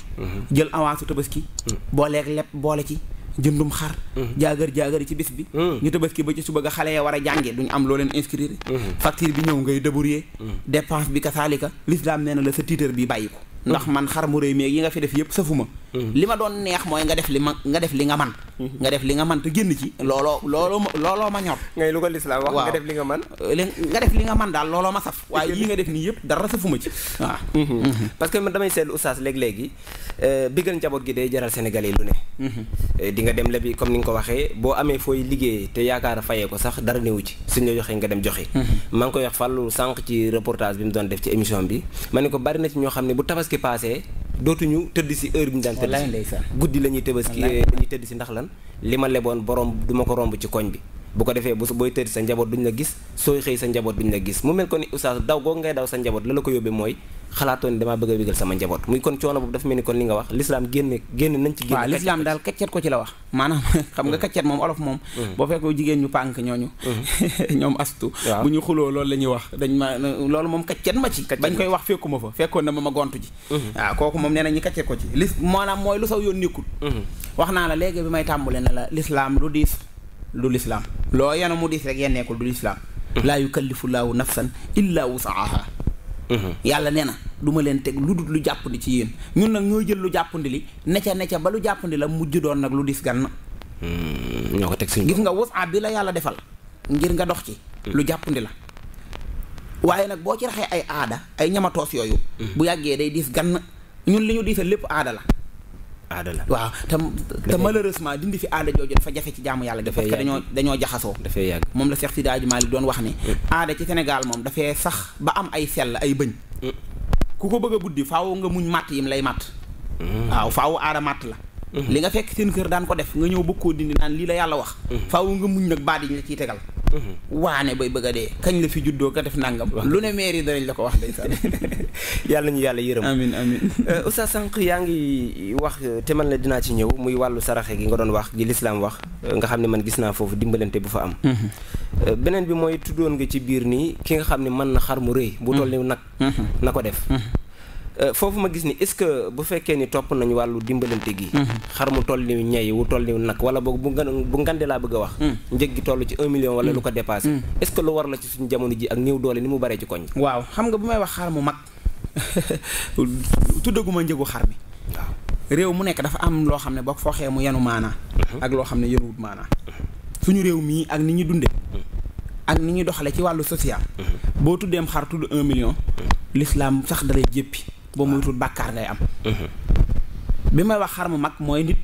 jël avance tabaski booleeg leb boole ci jëndum xar jaagar jaagari ci bis bi ñu tabaski ba ci suba ga xale ya war a jànge duñu am loo leen inscrire facture bi ñëw ngay débrouiller dépense bi kasaalika lislaam nee na la sa bi bàyyi ko ndax man xar mu rëy meeg yi nga fi def yëpp safuma Mm-hmm. li ma doon neex mooy nga def li ma nga def li nga man mm-hmm. nga def li nga man te génn ci looloo looloo ma looloo ma ñor ko lislaam wax nga def li nga man euh, li nga man daal looloo ma saf waaye lii nga def nii yëpp dara safuma ci waaw mm-hmm. parce que man damay seetlu oustaz léeg-léegi euh, biggal njaboot gi day jaral Sénégal yi lu ne euh, di nga dem lebi comme ni nga ko waxee boo amee fooy liggéeyee te yaakaar fayee ko sax dara newu ci suñ la joxee nga dem joxe maa ngi ko wax fàllu sànq ci reportage bi mu doon def ci émission bi ma ne ko bari na ci ñoo xam ne bu tabaski paasee dootuñu tëdd si heure bi ñu daan tëdd si guddi la ñuy tëbaski la ñuy tëdd si ndax lan li ma leboon borom duma ko romb ci koñ bi bu ko defee bu booy tëdd sa njaboot duñ la gis sooy xëy sa njaboot duñ la gis mu mel ko ni oustaz daw googu ngay daw sa njaboot la la ko yóbbee mooy xalaatoon damaa bëgg a wégal sama njaboot muy kon coono boobu dafa mel ni kon li nga wax l'islam génn nañ ci génn waaw l'islam daal kaccet ci la maanaam ma loolu moom kaccet ma ci bañ wax fekkuma fa fekkoon na ma ma gontu ji mm-hmm. waaw kooku moom na ñu kaccet ko ci mooy lu saw yoon nekkul mm-hmm. wax naa la léegi bi may tàmbule ne la l'islam lu diis du lislaam loo yanu mu diis rek yenneekul du lislaam mm-hmm. laa yukallifu laahu nafsan illaa wusaaha mm-hmm. yàlla nee na du ma leen teg lu dut lu jàppandi ci yéen ñun nag ñoo jël lu jàppandi li neca neca ba lu jàppandi la mujj doon nag lu diis gan na mm-hmm. ko teg suñu gis nga wusaa bi la yàlla defal ngir nga dox ci lu jàppandi la waaye nag boo ci raxee ay aada ay ñamatoos yooyu bu yàggee day diis gan ñun li ñu diisal lépp aada la aada la waaw te te malheureusement dindi fi aada jooju dafa jafe ci jàmm yàlla gi parce dañoo jaxasoo dafay yàgg moom la si Sidi Hadji Malick doon wax ni mm. aada ci Sénégal moom dafay sax ba am ay sell ay bëñ mm. ku ko bëgg a buddi faaw nga muñ màtt yim lay màtt mm. waaw faaw aada màtt la mm-hmm. li nga fekk seen kër daan ko def nga ñëw bëgg koo dindi naan lii la yàlla wax faaw nga muñ nag baat yi la ciy tegal waane bay bëgg a dee kañ la fi juddoo ka def nangam lu ne maire yi la ko wax ndeysaan yàlla ñu yàlla yërëm amin amin euh, oustaz sànq yaa ngi wax te man la dinaa ci ñëw muy wàllu saraxe gi nga doon wax gi lislaam wax euh, nga xam ne man gis naa foofu dimbalante bu fa am mhm. euh, beneen bi mooy tuddoon nga ci biir nii ki nga xam ne mën na xar mu rëy bu toll ni nag mhm. na ko def mhm. Euh, foofu ma gis ni est-ce que bu fekkee ni topp nañu wàllu dimbalante gi. Mhm. xar mu toll ni ñey wu toll ni nag wala boog bu nga bu ngande laa bëgg a wax. Mhm. njëg gi toll ci un million wala lu mhm. ko dépassé. est-ce que lu war la ci suñu jamono ji ak néew doole ni mu baree ci koñ. waaw xam nga bu may wax xar mu mag tuddaguma njëgu xar bi waaw réew mu nekk dafa am loo xam ne boo foxee mu yenu maanaa. ak loo xam ne yenuwut maanaa. suñu réew mii ak ni ñu dundee. ak ni ñuy doxalee ci wàllu social. boo tuddeem xar tudd million. l'islam sax boo muy tuut bàkkaar ngay am mhm. bi may wax xar mu mag mooy nit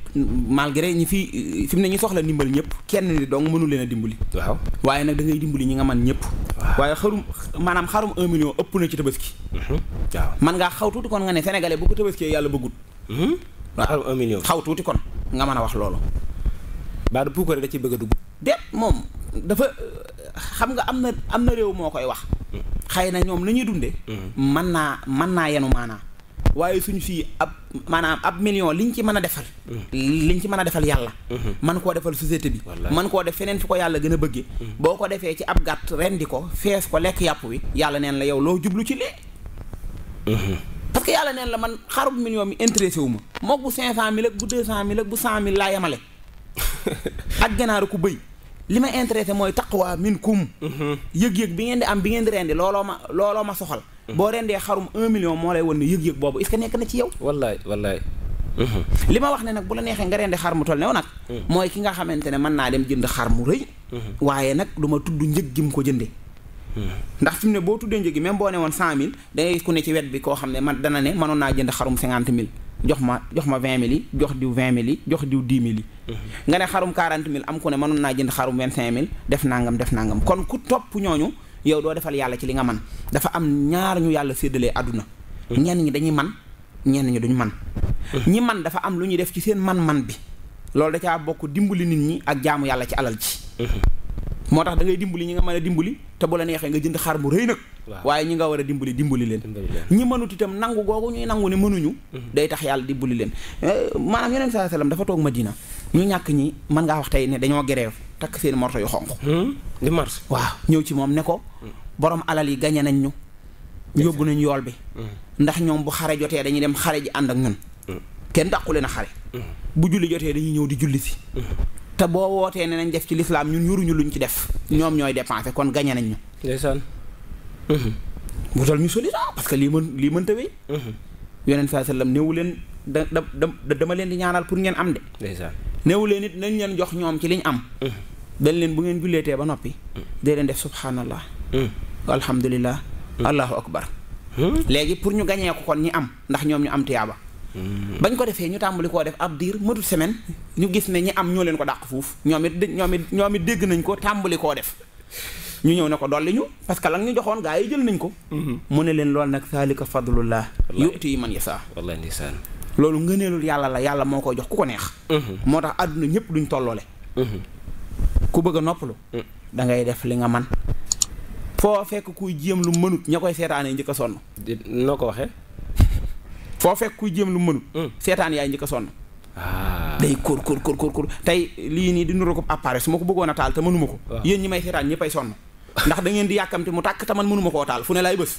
malgré ñi fi fi mu ne ñi soxla ndimbal ñëpp kenn ni dong mënu leen a dimbali waaw waaye nag da ngay dimbali ñi nga man ñëpp waaye xarum maanaam xarum un million ëpp na ci tabaski mhm. waaw man ngaa xaw tuuti kon nga ne sénégalais bu ko tabaskee yàlla bëggut mhm. waaw xarum xaw tuuti kon nga mën a wax loolu baa du puukare da ci bëgg a dugg de moom dafa xam nga am na am na réew moo koy wax xëy na ñoom la ñuy dundee. Mm-hmm. mën naa man naa yenu maanaa waaye suñ fii ab maanaam ab million li liñ ci mën a defal. Mm-hmm. li ñu ci mën a defal yàlla. man mm-hmm. koo defal société bi. man koo def feneen fi ko yàlla gën a bëgge boo ko defee ci ab gàtt rendi ko fees ko lekk yàpp wi yàlla neen la yow loo jublu ci lee. parce que yàlla neen la man xarub million mi intéressé wu ma. moog cent 500000 ak bu 200000 ak bu 100000 laa yemale. ak gànnaaru ku bëy. li ma intéressé mooy taqwa minkum mhm. yëg-yëg bi ngeen di am bi ngeen di rendi looloo ma looloo ma soxal mhm. boo rendee xarum un million moo lay won ne yëg-yëg boobu est-ce nekk na ci yow wallaay wallaay mhm. li ma wax ne nag bu la neexee nga rendi xar mu tol new nag mooy ki nga xamante ne mën naa dem jënd xar mu rëy waaye nag du ma tudd njëg gi mu ko jënde ndax fi ne boo tuddee njëg gi même boo ne woon cent mille da ku ne ci wet bi koo xam ne man dana ne mënoon naa jënd xarum cinquante mille jox ma jox ma vingt mille yi jox diw vingt mille yi jox diw dix mille yi mhm. nga ne xarum quarante mille am ku ne mënoon naa jënd xarum vingt cinq mille def nangam def nangam kon ku topp ñooñu yow doo defal yàlla ci li nga man dafa am ñaar ñu yàlla séddalee àdduna mhm. ñenn ñi dañuy man ñenn ñi duñ man mhm. ñi man dafa am lu ñuy def ci seen man-man bi loolu da caa bokk dimbali nit ñi ak jaamu yàlla ci alal ci moo tax da ngay dimbali ñi nga mën a dimbali te bu la neexee nga jënd xar mu rëy nag waaye ñi nga war a dimbali dimbali leen ñi mënut itam nangu googu ñuy nangu ni mënuñu mm-hmm. day tax yàlla dimbali leen eh, maanaam yeneen saa salaam dafa toog ma Madina ñu ñàkk ñi mën ngaa wax tey ne dañoo grève takk seen morto yu xonq hmm? di mars waaw ñëw ci moom ne ko borom alal yi gañe nañ ñu yóbbu nañ yool bi hmm. ndax ñoom bu xare jotee dañuy dem xare ji ànd ak ñun hmm. kenn dàqu leen a xare bu julli jotee dañuy ñëw di julli si te boo wootee ne nañ def ci lislaam ñun yoruñu luñ ci def ñoom ñooy dépensé kon gañe nañ ñu. ndeysaan. wutal mhm. ñu solide parce que lii mën lii mënta wéy. Mhm. yeneen saa sallam néewu leen da da da dama leen di ñaanal pour ngeen am de. ndeysaan leen it nañ leen jox ñoom ci liñ am. Mhm. dañ leen bu ngeen julleetee ba noppi. dee leen def subhanallah. alhamdulillah. allahu akbar. léegi pour ñu gañee ko kon ñi am ndax ñoom ñu am tiyaaba. bañ ko defee ñu tàmbali koo def ab diir matul semaine ñu gis ne ñi am ñoo leen ko dàq foofu ñoom it ñoom it ñoom it dégg nañ ko tàmbali koo def ñu ñëw ne ko dolli ñu parce que lan ñu joxoon gaa yi jël nañ ko mhm. mu ne leen loolu nag saalika fadlullah yu'ti man yasaa wallahi ndeysaan loolu ngëneelul yàlla la yàlla moo ko jox ku ko neex mhm. moo tax àdduna ñëpp duñ tolloole mhm. ku bëgg a noppalu mm. da ngay def li nga man foo fekk kuy jéem lu mënut ña koy seetaanee njëkk a noo ko waxee foo fekk kuy jéem lu mënul mm. seetaan yaay njëkk a sonn ah. day kóor kóor kóor kóor kóor tey lii nii di nuru ko appare su ma ko bëggoon a taal te mënuma ko yéen ñi may seetaan ñëppay sonn ndax da ngeen di yàkkamte mu tàkk te man mënuma koo taal fu ne laay bës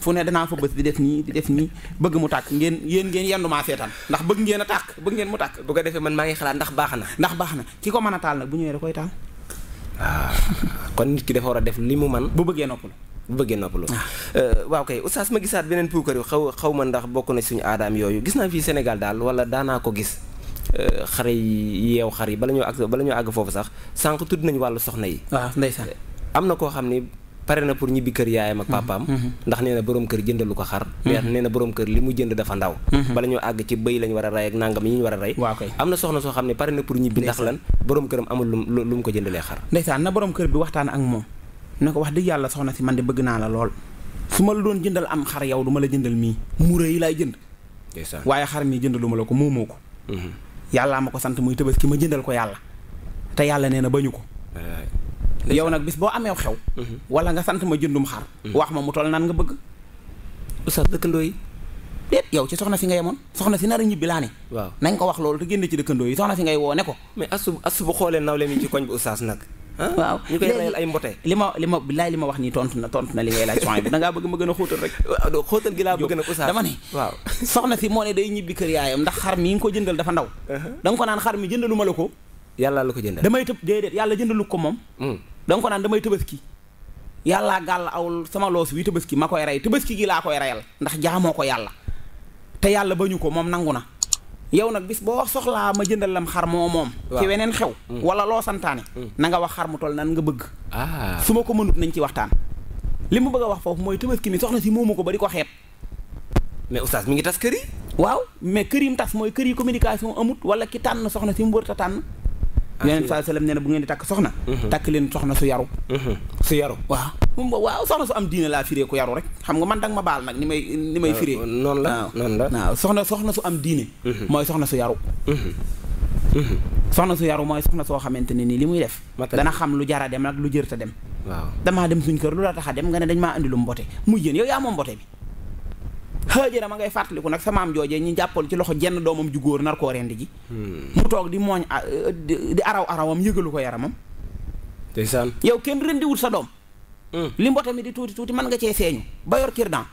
fu ne danaa fa bës di def nii di def nii bëgg mu tàkk ngeen yéen ngeen yendumaa seetaan ndax bëgg ngeen a tàkk bëgg ngeen mu tàkk bu ko defee man maa ngi xalaat ndax baax na ndax baax na ki ko mën a taal nag bu ñëwee koy taal ah. kon nit ki dafa def li mu man bu bëggee noppalu bëggee noppalu ah. euh, waaw kay oustaz ma gisaat beneen puukar yu xaw xaw ndax bokk na suñu aadaam yooyu gis naa fii Sénégal daal wala daanaa ko gis euh, xare yi yeew xar yi bala ñu àgg ñu àgg foofu sax sànq tudd nañu wàllu soxna yi waaw ah, ndeysaan euh, am na koo xam ni pare na pour ñibbi kër yaayam ak mm-hmm. papaam mm-hmm. ndax nee na boroom kër jëndalu ko xar mais mm-hmm. nee na boroom kër li mu jënd dafa ndaw bala ñoo àgg ci bëy lañ war a rey ak nàngam yi ñu war a rey waaw kay am na soxna soo xam ne pare na pour ñibbi ndax lan boroom këram amul lu lu mu ko jëndalee xar ndeysaan na kër ne ko wax dëgg yàlla soxna si man de bëgg naa la lool su ma la doon jëndal am xar yow du la jëndal mii muure yi laay jënd waaye xar mii jëndalu ma la ko moomoo ko mm-hmm. yàlla ma ko sant muy tëbaski ma jëndal ko yàlla te yàlla nee na bañu ko yow nag bis boo ameew xew mm-hmm. wala nga sant ma jëndum xar mm-hmm. wax ma mu toll naan nga bëgg oustaz dëkkandoo yi déet yow ci soxna si nga yemoon soxna si nar a ñibbi laa ne waaw nañ ko wax loolu te génn ci dëkkandoo yi soxna si ngay woo ne ko xoolee nawle mi ci koñ bi waaw ñu ko reyal ay mbote li ma li ma billaay li ma wax nii tontu na tontu na li ngay laaj soxna bi da ngaa bëgg ma gën a xóotal rek xóotal gi laa bëgg nag oustaz dama ne waaw si moo ne day ñibbi kër yaayam ndax xar mi nga ko jëndal dafa ndaw uh-huh. da nga ko naan xar mi jëndalu ma la ko yàlla la ko jëndal damay tëb déedéet yàlla jëndalu ko moom mm. da nga ko naan damay tëbaski yàllaa gàll awul sama loosu wi tëbaski ma koy rey tëbaski gi laa koy reyal ndax jaamoo ko yàlla te yàlla bañu ko moom nangu na yow nag bis boo soxlaa ma jëndal lam xar moo moom ci weneen xew mm. wala loo santaane mm. na nga wax xar mu toll nan nga bëgg ah. su ma ko mënut nañ ci waxtaan li mu bëgg a wax foofu mooy tabaski mi soxna si moomu ko ba di ko xeeb mais oustaz mi ngi tas kër yi waaw mais kër yi mu tas mooy kër yi communication amut wala ki tànn soxna si mu wër ta tànn yeneen saa sallam nee na bu ngeen di takk soxna mhm. takk leen soxna su yaru mhm. su yaru waaw moom waaw soxna su am diine laa firee ku yaru rek xam nga man danga ma baal nag ni may ni may firee noonu la noonu la soxna soxna su am diine mhm. mooy soxna su yaru soxna su yaru mooy soxna soo xamante ne nii li muy def dana xam lu jara dem nag lu jër ta dem waaw damaa dem suñ kër lu la tax a dem nga ne dañ maa indi lu mbote muy yéen yow yaa moom mbote bi xaajara a ngay fàttaliku nag sa maam joojee ñu jàppal ci loxo jenn doomam ju góor nar koo rendi ji hmm. mu toog di mooñ ah, euh, di araw arawam yëgalu ko yaramam ndeysaan yow kenn rendiwul sa doom hmm. li mbote mi di tuuti tuuti mën nga cee seeñu ba yor kirdan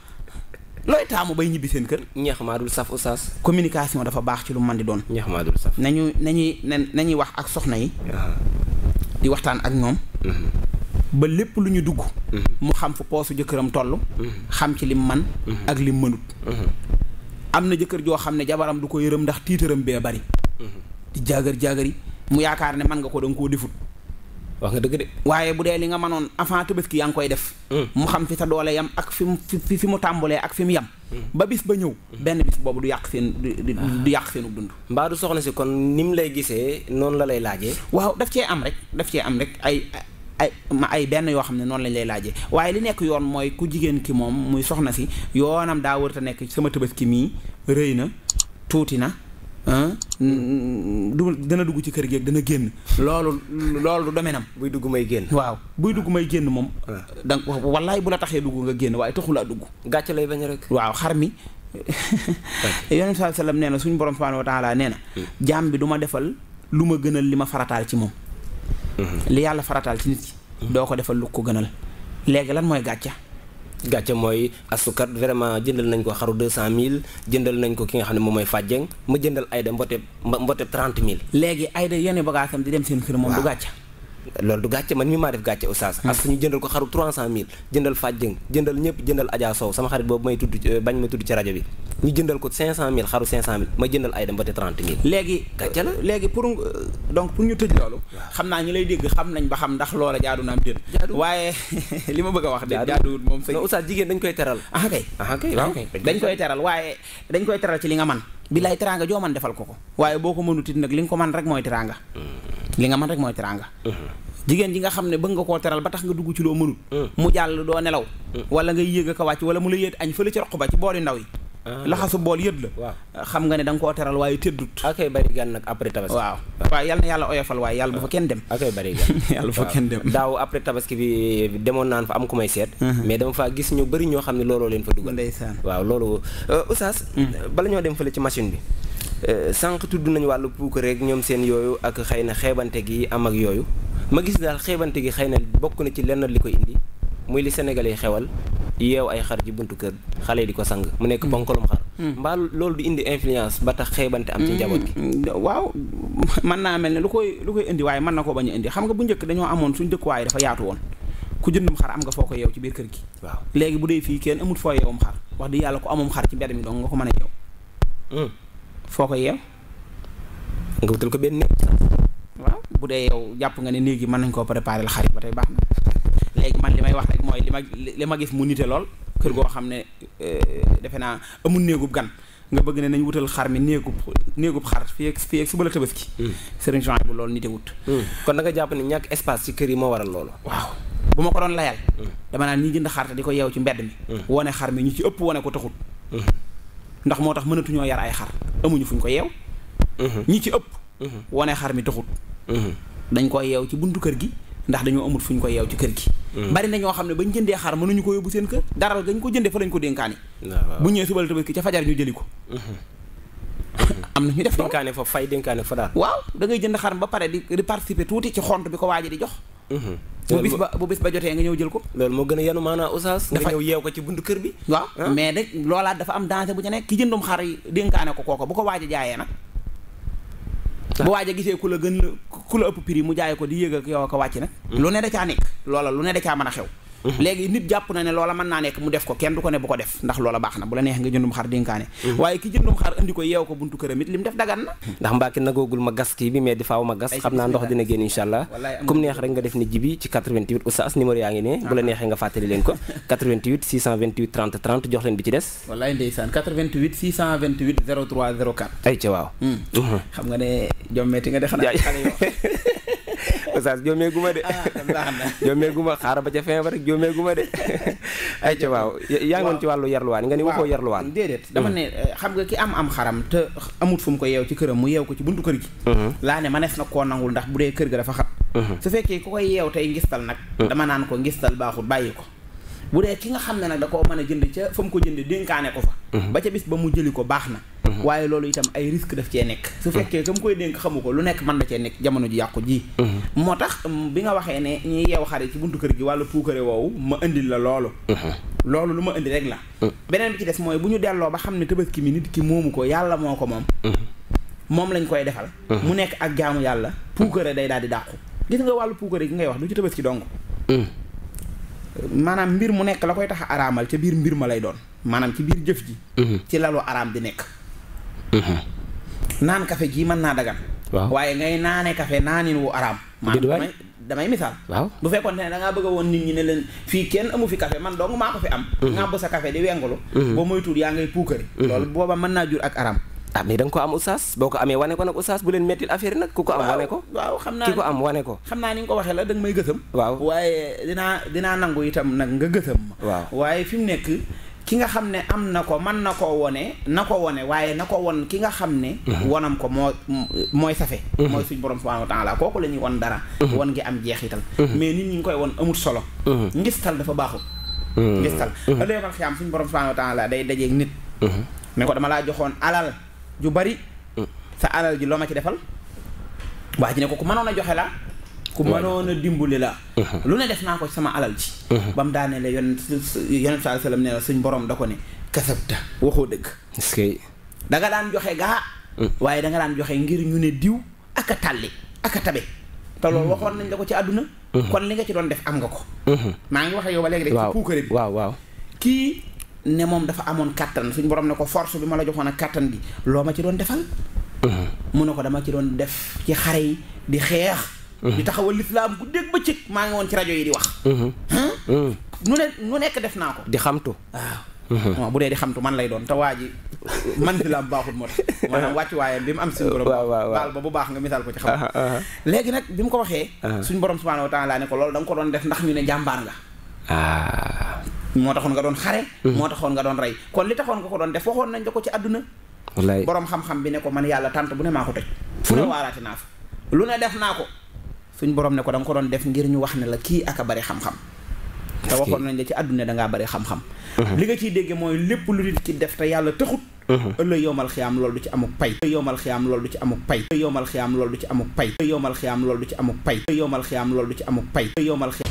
looy taamu bay ñibbi seen kër ñeex maa dul saf oustaz communication dafa baax ci lu man di doon ñeex maa dul saf nañu nañuy nañuy wax ak soxna yi di waxtaan ak ñoom hmm. ba lépp lu ñu dugg mm-hmm. mu xam fu poosu jëkkëram toll mm-hmm. xam ci lim man mm-hmm. ak lim mënut am na jëkkër joo xam ne jabaram du ko yërëm ndax tiitaram bee bari di jaagar jaagar yi mu yaakaar ne man nga ko danga koo defut wax nga dëgg de waaye bu dee li nga mënoon avant tabaski yaa ngi koy def mm. mu xam fi sa doole yam ak fi mu fi fi mu tàmbulee ak fi mu yam mm. ba bis ba ñëw mm. benn bis boobu du yàq seen ah. du yàq seenu dund mbaa du soxna si kon ni mu lay gisee noonu la lay laajee waaw am rek daf cee am rek ay ay ma ay benn yoo xam ne noonu lañ lay laajee waaye li nekk yoon mooy ku jigéen ki moom muy soxna si yoonam daa wërta nekk sama tabaski mii rëy na tuuti na ah, du dana dugg ci kër gi dana génn loolu loolu du domenam buy dugg may génn waaw buy dugg may génn moom ah. danga wallaay bu la taxee dugg nga génn waaye taxul a dugg gàcce lay bañ rek waaw xar mi yonent bi sallam nee na suñu borom subhanahu wa taala nee na hmm. jaam bi du ma defal lu ma gënal li ma farataal ci moom Mm-hmm. li yàlla farataal ci nit ki mm-hmm. doo ko defal lu ko gënal léegi lan mooy gàcca gàcce mooy asukat vraiment jëndal nañ ko xaru deux cent mille jëndal nañ ko ki nga xam ne moom mooy fàjjeng ma jëndal ayda mbote mbote trente mille léegi ayda yenn bagaasam di dem seen kër moom du gàcce loolu du gàcce man mi maa def gàcce oustaz hmm. as ñu jëndal ko xaru 300000 jëndal Faaj Jëng jëndal ñëpp jëndal Adja Sow sama xarit boobu may tudd euh, bañ ma tudd ci rajo bi ñu jëndal ko 500000 xaru 500000 ma jëndal ay dem ba te 30000 léegi gàcce la léegi pour euh, donc pour ñu tëj loolu xam naa ñi lay dégg xam nañ ba xam ndax loola jaadu na am déet waaye li ma bëgg a wax déet jaaduwut moom sëñ oustaz jigéen dañ koy teral ah kay ah, ah koy teral waaye dañ koy teral li nga man bilaay teraanga joo man defal ko ko waaye boo ko mënut it nag li ko man rek mooy teraanga hmm. li nga man rek mooy teraanga jigéen ji nga xam ne bëgg nga koo teral ba tax nga dugg ci loo mënut mu jàll doo nelaw wala nga yéeg ak wàcc wala mu la yéet añ fële ci roq ba ci boori ndaw yi ah. laxasu bool yët la xam nga ne da koo teral waaye tëddut akay bari gan nag après tabaski waaw waaw yal na yàlla oyofal waaye yàlla bu fa dem akay ah. bari gan yàlla bu fa kenn dem daaw après tabaski bi demoon naan fa am ku may seet mais dama faa gis ñu bëri ñoo xam ne looloo leen fa dugal ndeysaan waaw loolu euh, oustaz hmm. bala ñoo dem fële ci machine bi Euh, sànq tudd nañu wàllu puuk rek ñoom seen yooyu ak xëy na xeebante gi am yooyu ma gis daal xeebante gi xëy na bokk na ci lenn li koy indi muy li Sénégalais yi xewal yeew ay xar ci buntu kër xale di ko sang mu nekk hmm. ponkalum xar. Hmm. mbaa loolu di indi influence ba tax xeebante am ci hmm. njaboot gi. waaw man naa mel ne lu koy lu koy indi waaye mën na koo bañ a indi xam nga bu njëkk dañoo amoon suñu waaye dafa yaatu woon ku jëndum xar am nga foo ko yeew ci biir kër gi. waaw léegi bu dee fii kenn amut foo yeewum wax di yàlla ko amum xar ci mbedd mi dong nga ko mën a yeew foo ko yeew nga wutal ko benn néeg waaw bu dee yow jàpp nga ne néeg yi mën nañ koo préparer la xarit ba tey baax na léegi man li may wax rek mooy li ma li ma gis mu nite lool kër goo xam ne euh, defe naa amul néegub gan nga bëgg ne nañ wutal xar mi néegub néegub xar fii ak fii ak suba la tabaski hmm. sëriñ Jean bu loolu nite wut hmm. kon da jàpp ne ñàkk espace ci kër yi moo waral loolu waaw bu ma ko doon layal hmm. dama naan ñi jënd xar te di ko yeew ci mbedd mi wone xar mi ñu ci ëpp wone ko taxut ndax moo tax mënatuñoo yar ay xar fu ñu ko yeew mhm. ñi ci ëpp mhm. wane xar mi taxut mhm. dañ ko yeew ci buntu kër gi ndax dañoo amul fuñ ko yeew ci kër gi bari na ñoo xam ne bañ jëndee xar mënuñu ko yóbbu seen kër daral gañ ko jëndee fa lañ ko dénkaani bu ñëwee subal tabaski ca fajar ñu jëli ko am na ñu def dénkaane fa fay dénkaane fa daal waaw da ngay jënd xar ba pare di participer tuuti ci xont bi ko waaji di jox bu bis ba bu bis ba jotee nga ñëw jël ko loolu moo gën a yanu maanaa oustaz nga ñëw yeew ko ci buntu kër bi waaw ah. mais nag loolaat dafa am danger bu ca nekk ki jëndum xar yi dénkaane ko kooko bu ko waaj a jaayee nag ah. bu waaj gisee ku la gën ku la ëpp prix mu jaay ko di yëg ak yow ko wàcc nag hmm. lu ne de caa nekk loola lu ne da caa mën a xew Mhm. léegi nit jàpp na ne loola mën naa nekk mu def ko kenn du ko ne bu ko def ndax loola baax na bu la neex nga jëndum xar dénkaane mhm. ko yeew na ndax mbaaki nagoogul ma gas kii bi mais di faaw ma gas xam naa ndox dina génn incha allah comme neex rek nga def ni jibi ci 88 oustaz numéro yaa ngi ne bu la ah. neexee nga fàttali leen ko 88 628 30 30 jox leen bi ci des wallaay ndeysaan 88 628 03 04 ay ca waaw hmm. mhm. xam nga ne jommeeti nga de xanaa oustaz joomee guma de ah, joomee guma xaaral ba ca fin ba rek joomee guma de ay ca waaw yaa ngi woon ci wàllu yarluwaan nga ni waxoo yarluwaan déedéet dama ne mm. xam nga ki am am xaram te amut fu mu ko yeew ci këram mu yeew ko ci buntu kër gi mm-hmm. laa ne manees na koo nangul ndax bu dee kër ga dafa xat mm-hmm. su fekkee ku koy yeew tey ngistal nag mm. dama naan ko ngistal baaxul bàyyi ko bu dee ki nga xam ne nag da koo mën a jënd ca fa mu ko jënd dénkaane ko fa mm-hmm. ba ca bis ba mu jëli ko baax na Mm-hmm. waaye loolu itam ay risque daf cee nekk su mm-hmm. fekkee ka mu koy dénk xamu ko lu nekk mën na cee nekk jamono ji yàqu ji mm-hmm. moo tax mm, bi nga waxee ne ñuy yeew xare ci buntu kër gi wàllu puukare woowu ma indil la loolu loolu lu ma indi rek la mm. beneen bi ci des mooy bu ñu delloo ba xam ne tabaski mi nit ki moomu ko yàlla moo ko moom moom lañ koy defal mu nekk ak jaamu yàlla puukare day daal di dàqu gis nga wàllu puukare gi ngay wax du ci tabaski dong mm. maanaam mbir mu nekk la koy tax araamal ca biir mbir ma lay doon maanaam ci biir jëf ji ci lalu araam di nekk Mm-hmm. naan café gii man naa dagan waaw waaye ngay naane café naanin wu araam maanaam damay misaal waaw bu fekkoon ne da ngaa bëgg woon nit ñi ne leen fii kenn amu fi café man dong maa ko fi am mm-hmm. nga ba sa café di wengulu mm-hmm. boo moytuwul yaa ngay puukari booba mën naa jur ak araam ah mais da ko am oustaz boo ko amee wane ko nag oustaz bu leen mettil affaire nag ku ko am wane ko waaw xam naa ki ko am wane ko xam naa ni nga ko waxee la da nga may gësam waaw waaye dinaa dinaa nangu tam nag nga gësam ma waaw waaye ki nga xam ne am na ko man na koo wone na ko wone waaye na ko won ki nga xam ne mhm. wonam ko moo mooy safe mhm. mooy suñ borom subhanahu wa taala kooku la ñuy won dara mhm. won ngi am jeexital mais nit ñi ngi koy won amul solo ngistal dafa baaxul ngistal ëllëgal xiyaam suñ borom subhanahu wa taala day dajeeg nit ne ko dama laa joxoon alal ju bari sa alal ji loo ma ci defal waa ji ne ko ku mënoon a joxe la ku mënoon a dimbali la mhm. lu ne def naa ko sama alal ci mhm. ba mu daane la yonent yonent saa sallam ne la suñ borom da ko ne kasabta waxoo dëgg est-ce que da nga daan joxe gaa mm. waaye da nga daan joxe ngir ñu ne diw ak a tàlli ak a tabe te loolu mm. waxoon nañ la ko ci àdduna mm-hmm. kon li nga ci doon def am nga ko mm-hmm. maa ngi waxe yow ba léegi rek ci puukare bi waaw waaw kii ne moom dafa amoon kattan suñ borom ne ko force bi ma la joxoon ak kattan bi loo ma ci doon defal mm-hmm. mu ne ko dama ci doon def ci xare yi di xeex di taxawal lislaam guddeeg bëccëg maa ngi woon ci rajo yi di wax mm-hmm. Mm-hmm. nu ne nu nekk def naa ko di xamtu waaw mm-hmm. bu dee di xamtu man lay doon te waa ji man di la baaxul moo tax maanaam wàcc waayam bi mu am suñu borom baal ba bu baax nga misaal ko ci xam léegi nag bi mu ko waxee suñ borom subhaanahu wa taala ne ko loolu da nga ko doon def ndax ñu ne jàmbaan la ah. moo taxoon nga doon xare moo taxoon nga doon rey kon li taxoon nga ko doon def waxoon nañ la ko ci àdduna wallaay borom xam bi ne ko man yàlla tànt bu ne maa ko suñ borom ne ko da nga ko doon def ngir ñu wax ne la kii ak bari xam-xam te waxoon nañ la ci àdduna dangaa bari xam-xam uh-huh. li nga ciy dégge mooy lépp lu nit ki def te yàlla taxut uh-huh. ëllëg yowmal xiyaam loolu du ci amuk pay yowmal xiyaam loolu du ci amuk pay yowmal xiyaam loolu du ci amuk pay yowmal xiyaam loolu du ci amuk pay yowmal xiyaam lool du ci amuk pay yowmal